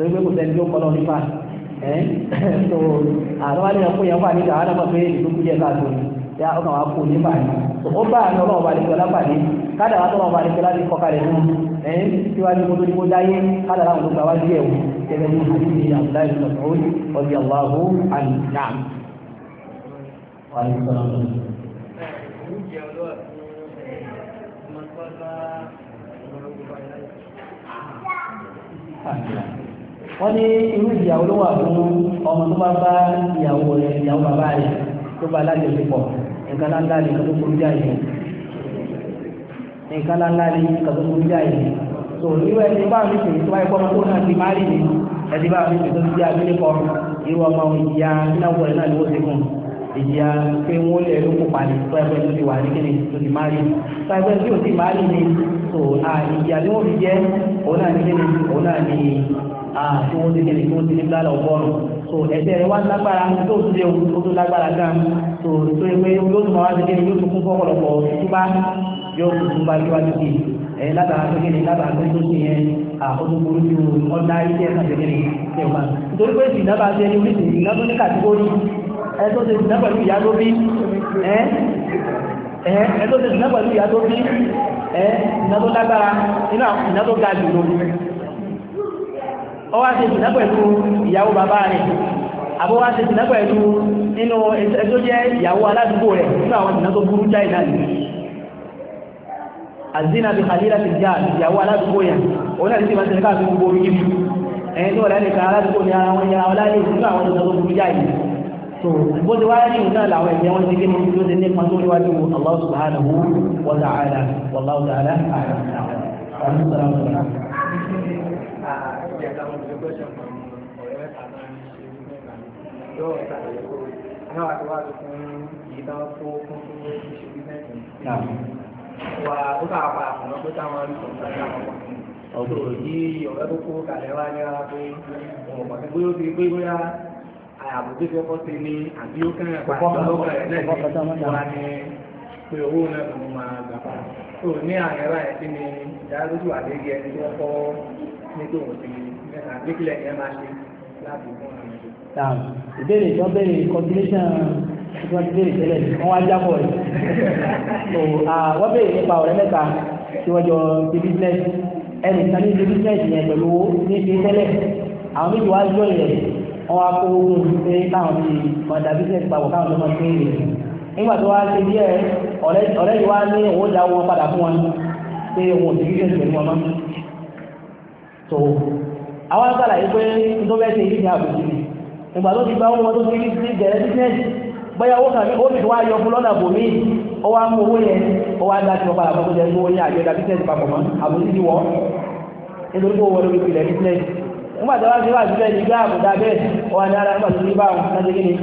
lórí pé kò sẹ́ni tó kọ́lọ́ nípa ẹ̀ tó àtọ́wálé ẹ̀kọ́ yẹn wà níta àwọn ọmọ pé ìdókòwò yẹ káàtó ya ọkàn wa kó nípa ẹ̀ ó bá àná ọlọ́run bá nípa lápá ní kádà wà tọ́lọ́run bá nípa láti kọ́ka rẹ̀ fún ẹ̀ síwájú kó tó ní kó dáyé kádà láwọn tó gbà wá díẹ̀ wò gẹ́gẹ́ bí wọ́n ní àbúlá ìlú ọ̀sán ọ̀dí aláwo àná. Thank you wọ́n ní irú ìyàwó ló wà fún ọmọ tó bá bá ìyàwó rẹ̀ ìyàwó bàbá rẹ̀ tó bá alájọṣepọ̀ nǹkan láńlá ni nǹkan tó burú jáì nǹkan láńlá ni nǹkan tó burú jáì tó irú ẹni bá mi sèyí tó bá yẹ kó ọmọ tó náà ti máa rí ni ẹni bá mi sèyí tó ti jẹ́ abílẹ̀kọ irú ọmọ ìyá nínáwó rẹ̀ náà ni ó ti kùn ìyá pé wọ́n lè ló kó pàdé tó ẹgbẹ́ tó ti wà ní kíni tó ti máa rí tó ẹgbẹ́ tí ò ti máa rí ni tó ìyá ni wọ́n fi jẹ́ òun náà ní kíni òun náà ní Ah, tí wọ́n ti kẹ́lẹ̀ tí wọ́n ti ní bílálà ọgọ́rùn so ẹ̀sẹ̀ rẹ̀ wá lágbára tó tún lé o tó lágbára gan so tó yẹ pé yóò tún máa wá sí kẹ́lẹ̀ yóò tún kún fọ́pọ̀lọpọ̀ túbá yóò tún tún bá yóò wá lókè ẹ̀ látara tó kẹ́lẹ̀ látara tó tó ṣe yẹn àkóso burú ju ọ̀dà iṣẹ́ kàtẹ́kẹ́lẹ̀ tẹ̀ wá nítorí pé ìsìn náà bá ṣe ní oríṣi ìná tó ní kàtíkórì ẹ tó ṣe ìsìn náà lágbára ìná tó ga jù ó wá ṣe ìsìnà pẹ̀lú ìyàwó bàbá rẹ̀ àbó wá ṣe ìsìnà pẹ̀lú nínú ẹjọ́ jẹ́ ìyàwó aládùúgbò rẹ̀ nínú àwọn ìsìnà tó burú jáì náà àzínà bí kàlílà ti já ìyàwó aládùúgbò yà òun náà ti máa ṣe káàkiri gbogbo orí yìí ẹni tó rẹ̀ nìkan aládùúgbò ní ara wọn yà ọlá yìí àwọn ìsìnà tó burú jáì ọ̀dọ́ ọ̀tà ìyẹ́kọ́ náà wà tó wà tó fún yìí tán kó fún fún oṣù bíbẹ́ẹ̀tì wà ó kà pa àkùnrin pé táwọn rí kọ̀ọ̀tà táwọn wà. ọ̀dọ̀ yìí ọ̀rẹ́ tó kó kalẹ̀ wá ní ara pé òun kọ̀ sí pé ó ti pé bóyá àbùdé fẹ́ kọ́ sí ni àbí ó kẹ́rẹ̀ pàtó lọ́kọ̀ ẹ̀ lẹ́yìn pé owó náà ló máa gbà pa. tó ní àyẹ̀ báyìí sí ni ìdádójú àdéhìí ẹni tó kọ́ ní tòun náà ìbéèrè tó béèrè continuation tí ti béèrè tẹ́lẹ̀ wọ́n wá jábọ̀ rẹ̀ so wọ́n béèrè nípa ọ̀rẹ́ mẹ́ta tí wọ́n jọ ti business ẹnì kan ní ti business yẹn pẹ̀lú ní ti tẹ́lẹ̀ àwọn méjì wá jọ ìrẹ̀ wọ́n wá kó owó pé káwọn ti wọ́n business papọ̀ káwọn tó máa pé èrè nígbà tó wá ṣe díẹ̀ ọ̀rẹ́ yìí wá ní owó dá wọn padà fún wọn pé wọn ò ti business pẹ̀lú wọn mọ́ so àwọn àgbàlá yìí pé nítorí ẹ̀ ṣe yìí ìgbà tó ti gba owó tó ti rí sí bẹ̀rẹ̀ bísínẹ́sì bóyá owó kan ní ó ti wá yọ fún lọ́nà bòmí ó wá mú owó yẹn ó wá dá sí ọba àbọ̀kọ́ jẹ́ owó yẹn àjọ ìdá bísínẹ́sì papọ̀ mọ́ àbòsí ti wọ́ nítorí pé owó lórí ìpìlẹ̀ bísínẹ́sì nígbà tó wá sí wá síbẹ̀ ní gáàmù dá bẹ́ẹ̀ ó wá ní ara nígbà tó ní báwọn láti kí ni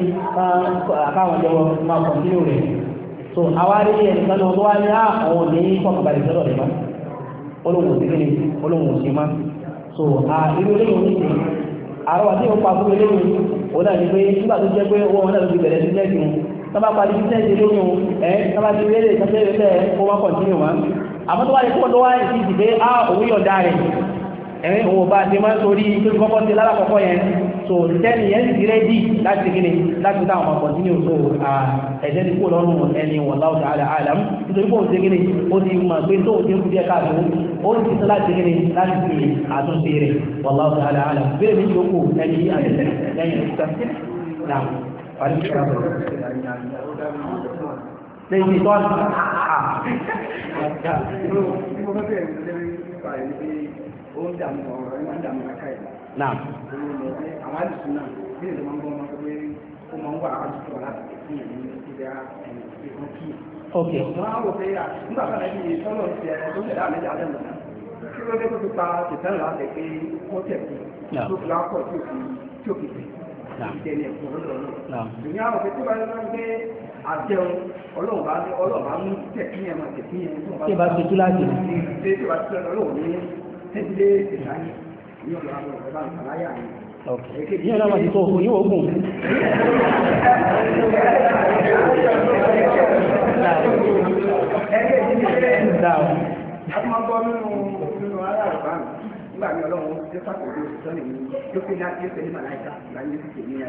àkáwọn jẹ́wọ́ máa kọ̀ntínú rẹ̀ so àwárí ẹnìkan lọ tó wá ní àwọn ah, òní fọkànbalẹ̀ sọ́dọ̀ rẹ̀ mọ́ olóhùn sí kí ni olóhùn sí mọ́ so irú eléyìí ní ìsìn àrọ́wà tí ó pa fún eléyìn òun náà pé nígbà tó jẹ́ pé owó náà ló fi bẹ̀rẹ̀ bísẹ́ẹ̀sì wọn tó bá parí bísẹ́ẹ̀sì lóyún ẹ̀ tó bá ti rí èrè ìtọ́jú èrè lẹ̀ ó wá kọ̀ntínú wọn àmọ́ tó wá yẹ kó lọ́wọ́ ìdí ìdìbé á ah, òun yọ̀ọ̀dá rẹ̀ ẹ̀ òun ò bá ti máa ń torí tó ti kọ́kọ́ ti lálákọ̀ọ́kọ́ yẹn so tẹ́ni yẹn ti rẹ́dì láti gíní láti dá àwọn ọkọ̀ nínú so ẹ̀jẹ̀ ti kó lọ́rùn ẹni wallahu ta'ala a'lam nítorí pé ó ti gíní ó ti mọ̀ pé tó ti ń kú díẹ̀ káàtó ó ti sọ láti gíní láti fi àtúnṣe rẹ̀ ta'ala a'lam bẹ́ẹ̀ ni yóò kú ẹni àtẹ̀tẹ̀ lẹ́yìn ìtàn náà wàá ní ìṣẹ́ àbọ̀ lẹ́yìn ìtàn Naam àwọn àdìsí náà bí èdè máa ń gbọ́ máa pé ó máa ń wà àwọn àdìsí wà láti fi èyí ní ìdá ìfún kí. ok wọ́n á wò pé nígbà tó náà yìí sọ́nà ti ẹ̀rọ tó tẹ̀lé àlejò àlẹ́ mọ̀ kí ló dé tó ti pa tètè ńlá tẹ̀ pé wọ́n tẹ̀ kú tó fi lápọ̀ tí ò fi tẹ̀ ìdẹ̀ni ẹ̀kọ́ lọ́dọ̀ náà. ìyá àwọn òfin tó bá yẹn máa ń gbé àjẹun ọlọ́run bá ní ọlọ́run bá mú tẹ̀kí yẹn máa tẹ̀kí yẹn tó bá tó bá tó tó láti ní ìdílé tó bá tó lọ́dọ̀ ọlọ́run ní tẹ́tílé ìdáyé ní ọ̀dọ̀ àwọn ọ̀rẹ́ bá ń kàláyà ní ní ọ̀nà wà ti tó òfin yíò gùn nígbà ní ọlọ́run tí ó sàkóso ìṣọ́ nìyí ló fi láti ó tẹ̀lé màláìka láyé ó sì tẹ̀lé ní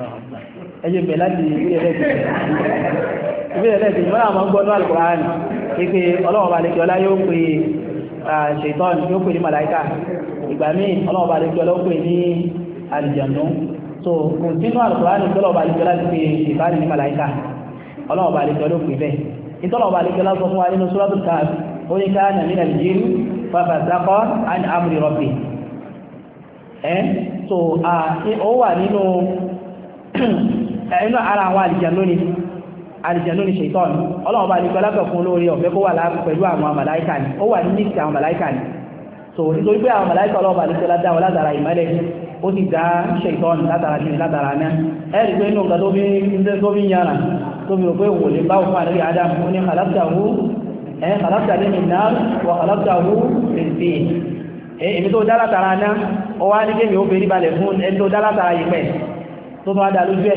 àjò ẹyẹ bẹ̀ láti ìwé ẹlẹ́gbẹ̀ẹ́ ìwé ẹlẹ́gbẹ̀ẹ́ ìwé àwọn gbọ́nú àlùkò ààrùn pípé ọlọ́run balẹ̀ ṣètọ́n yóò pè ní màláìkà ìgbà míì ọlọ́ọ̀bá lè jọ lọ́pẹ̀ ní àlìjànú so kò sínú àlùkùránì tọ́lọ̀ọ̀bá lè jọ láti pè ìbáni ní màláìkà ọlọ́ọ̀bá lè jọ ló pè bẹ́ẹ̀ ìtọ́lọ̀ọ̀bá lè jọ lásọ fún wa nínú sọ́lọ́tù káàf ó ní ká nà nínà jírú fàfàsákọ́ àni amri rabbi ẹ́ so ó wà nínú ara àwọn àlìjànú ni àlìjẹ̀nú ni ṣètọ́nù ọlọ́run bá ní gbọ́lápẹ̀ fún olóore ọ̀fẹ́ kó wà pẹ̀lú àwọn màláìkà ni ó wà ní mix àwọn màláìkà ni so nítorí pé àwọn màláìkà ọlọ́run bá ní gbọ́lá dá látara ìmọ́lẹ̀ ó sì dá ṣètọ́nù látara kí ni látara náà ẹ̀rí pé inú nǹkan tó fi ń tó fi ń yàrá tó fi rò pé òun lè bá òun fún àdébí adam ó ní kàlápùtàwù ẹ̀ kàlápùtàwù ní náà wà kàlápùtàwù èsì èmi tó dá látara náà ó wá ní kémi ó fi rí balẹ̀ fún ẹni tó dá látara yìí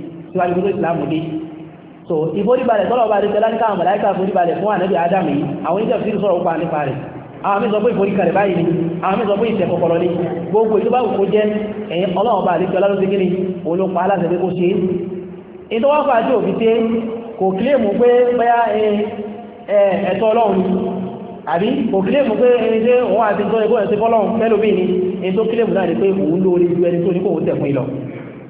síwájú tó ìsìlámù dé so ìforíbalẹ̀ tọ́lọ̀ bá dẹ́tẹ́lá ní káwọn mọ̀láíkà foríbalẹ̀ fún ànábì adam yìí àwọn oníjẹ́ òfin sọ̀rọ̀ òpa nípa rẹ̀ àwọn mí sọ pé ìforíkalẹ̀ báyìí ni àwọn mí sọ pé ìṣẹ̀ kọkọrọ ni gbogbo ìlú bá wù kó jẹ́ ẹ̀yìn ọlọ́run bá àdéjọ́ lọ́dún síkiri òun ló pa aláṣẹ pé kó ṣe é ètò wá fà ájú òfin ṣe kò kílèmù pé bóyá ẹ̀tọ́ ọlọ́run ni àbí kò kílèmù pé ẹni tí òun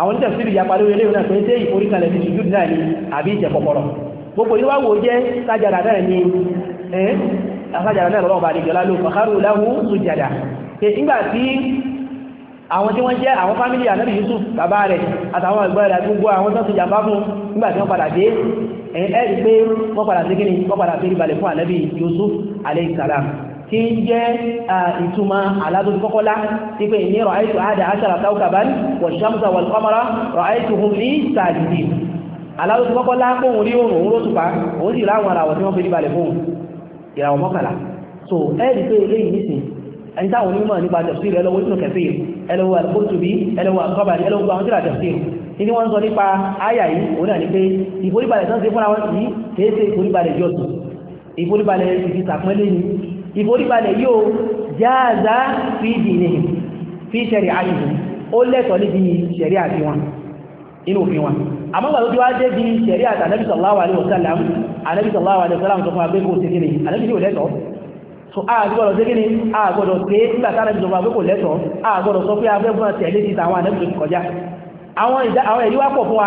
àwọn oníṣẹ́ sí ìyapa lórí eléyìí náà pé ṣé ìforíkalẹ̀ ti ṣùjú náà ni àbí ìjẹ kọkọrọ gbogbo yíwá wo jẹ́ sájàdà náà ni ẹ́ sájàdà náà lọ́wọ́ bá ní jọlá ló fàkárù láwù sùjàdà pé nígbà tí àwọn tí wọ́n jẹ́ àwọn fámílì ànábì Yusuf bàbá rẹ̀ àtàwọn ẹ̀gbọ́n rẹ̀ gbogbo àwọn tó ti jàmbá fún nígbà tí wọ́n padà dé ẹ̀ẹ́rì pé wọ́n padà sí kíni tí ń jẹ́ ìtumọ̀ aládùnkọ́kọ́lá tí pé ní ra'aytu àádà aṣára taukaban wàṣàmùsà wàlkọ́mọ́ra ra'aytu hum ní sàdìdì aládùnkọ́kọ́lá kóhun rí oòrùn oòrùn òtùpá òun sì láwọn ara wọ̀ tí wọ́n fi níbalẹ̀ fún ìràwọ̀ so ẹ́ẹ̀dì pé eléyìí nìsìn ẹni táwọn onímọ̀ nípa tafsir ẹlọ́wọ́ ìtùnú kẹfẹ́ ẹlọ́wọ́ al-Qurtubi ẹlọ́wọ́ al-Tabari ẹlọ́wọ́ àwọn tíra tafsir ní wọ́n sọ nípa àyà yìí òun náà ni pé ìforíbalẹ̀ tán ṣe fúnra wọn yìí kèése ìforíbalẹ̀ jọ́sùn ìforíbalẹ̀ ìforíbalẹ̀ yóò jáàzá fi dìní fi ṣẹ̀rì àyíkù ó lẹ́tọ̀ níbi ṣẹ̀rí àti wọn inú òfin wọn àmọ́gbà tó tí wá dé bí ṣẹ̀rí àti Ànábì sallallahu alaihi wasallam Ànábì sallallahu alaihi wasallam sọ fún abẹ́kò sí kíni Ànábì sí ò lẹ́tọ̀ so a gbọ́dọ̀ sí kíni a gbọ́dọ̀ pé nígbàtà Ànábì sọ fún abẹ́kò lẹ́tọ̀ a gbọ́dọ̀ sọ pé abẹ́kùn tẹ̀lé ti tàwọn Ànábì tó ti kọjá àwọn ẹ̀rí wá pọ̀ fún wa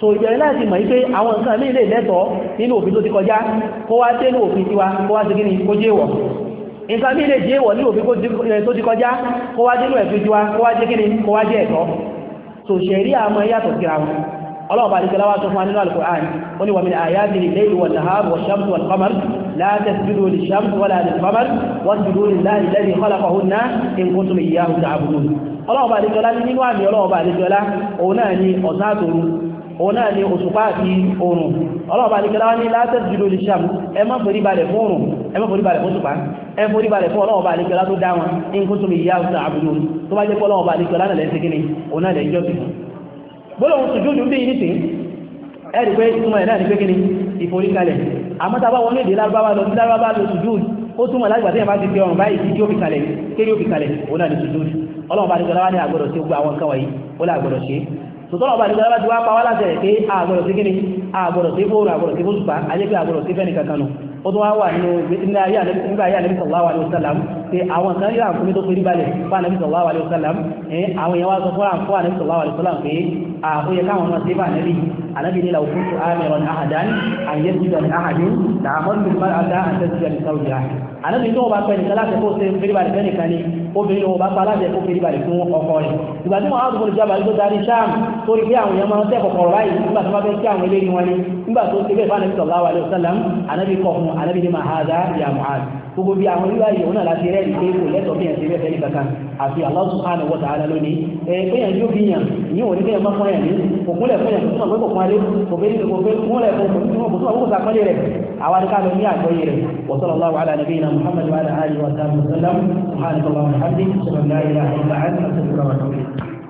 so ìbẹ̀rẹ̀ láti mọ̀ wípé àwọn nǹkan ní ilé lẹ́tọ̀ọ́ nínú òfin tó ti kọjá kó wá tẹ́lú òfin tiwa kó wá sí kí ni kó jẹ́ wọ̀ nǹkan ní ilé jẹ́ òfin tiwa kó wá jẹ́ kí ni kó jẹ́ ẹ̀tọ́ so ṣẹ̀rí àmọ́ yàtọ̀ síra wọn ọlọ́ọ̀bá àdìsẹ́lá wá tó fún anínú alkùnrin ó ní wàmí àyájì ilé ìwọ̀ nàhàbù ṣàmùsù alkamar láti ṣùdó lè ṣàmùsù wà láti alkamar wọ́n ṣùdó lè láì lẹ́yìn kọ́lákọ̀ọ́ náà nǹkan tó lè yá ọ̀dà àbúrò ọlọ́ọ̀bá òun náà ni òṣùpá àti oòrùn ọlọ́ọ̀bá alìkẹ́lá wá ní látẹ́jùlọ lè ṣàmù ẹ má forí balẹ̀ fún oòrùn ẹ má forí balẹ̀ fún òṣùpá ẹ forí balẹ̀ fún ọlọ́ọ̀bá alìkẹ́lá tó dá wọn ní kó tóbi ìyá ọ̀sán àbúrò tó bá jẹ́ pọ́ ọlọ́ọ̀bá alìkẹ́lá náà lẹ́sẹ̀ kíni òun náà lẹ́jọ́ sí gbọ́lọ̀hun sùjúdù bí ní sìn ẹ̀rì pé túnmọ̀ ẹ̀ náà ní pé kíni ìforíkalẹ̀ àmọ́tàbá wọn ní èdè lárúbáwá lọ sọ̀tọ́lọ̀ ọba ìgbàlá ti wá pa wá láti rẹ̀ pé àgbọ̀rọ̀ sí kíni àgbọ̀rọ̀ sí fóòrò àgbọ̀rọ̀ sí fóòsùpá ayé pé àgbọ̀rọ̀ sí fẹ́ni kankan nù ó tún wá wà nínú nígbà ayé ànábì sallallahu alaihi wasallam pé àwọn kan yóò àkúmí tó pérí balẹ̀ fún ànábì sallallahu alaihi wasallam àwọn èèyàn wá sọ fún àǹfọ́ ànábì sallallahu alaihi wasallam pé àkóyẹ káwọn náà sí fànẹ́bí ànábì nílà òkú àmì ọ̀nà àhàdán àyẹ́sùn àhàdín làmọ́lùmọ́ àdá àtẹ́sùn àti sáwùjá ànábi tó wọn bá pẹ́ nìkan láti kó ṣe fèrèbalẹ̀ fẹ́ nìkan ni obìnrin wọn bá pa láti kó fèrèbalẹ̀ fún ọkọ rẹ̀ ìgbà tí wọn á dùn ìjọba tó darí sáàmù tó rí pé àwọn èèyàn máa ń tẹ́ kọ̀kọ̀rọ̀ báyìí nígbà tó bá fẹ́ kí àwọn eléyìí wọn ni nígbà tó ṣe fẹ́ àwọn akáàlọ́ ní àgbọ́yé وصلى الله على نبينا محمد وعلى آله وصحبه وسلم سبحانك اللهم وبحمدك أشهد أن لا إله إلا أنت أستغفرك وأتوب إليك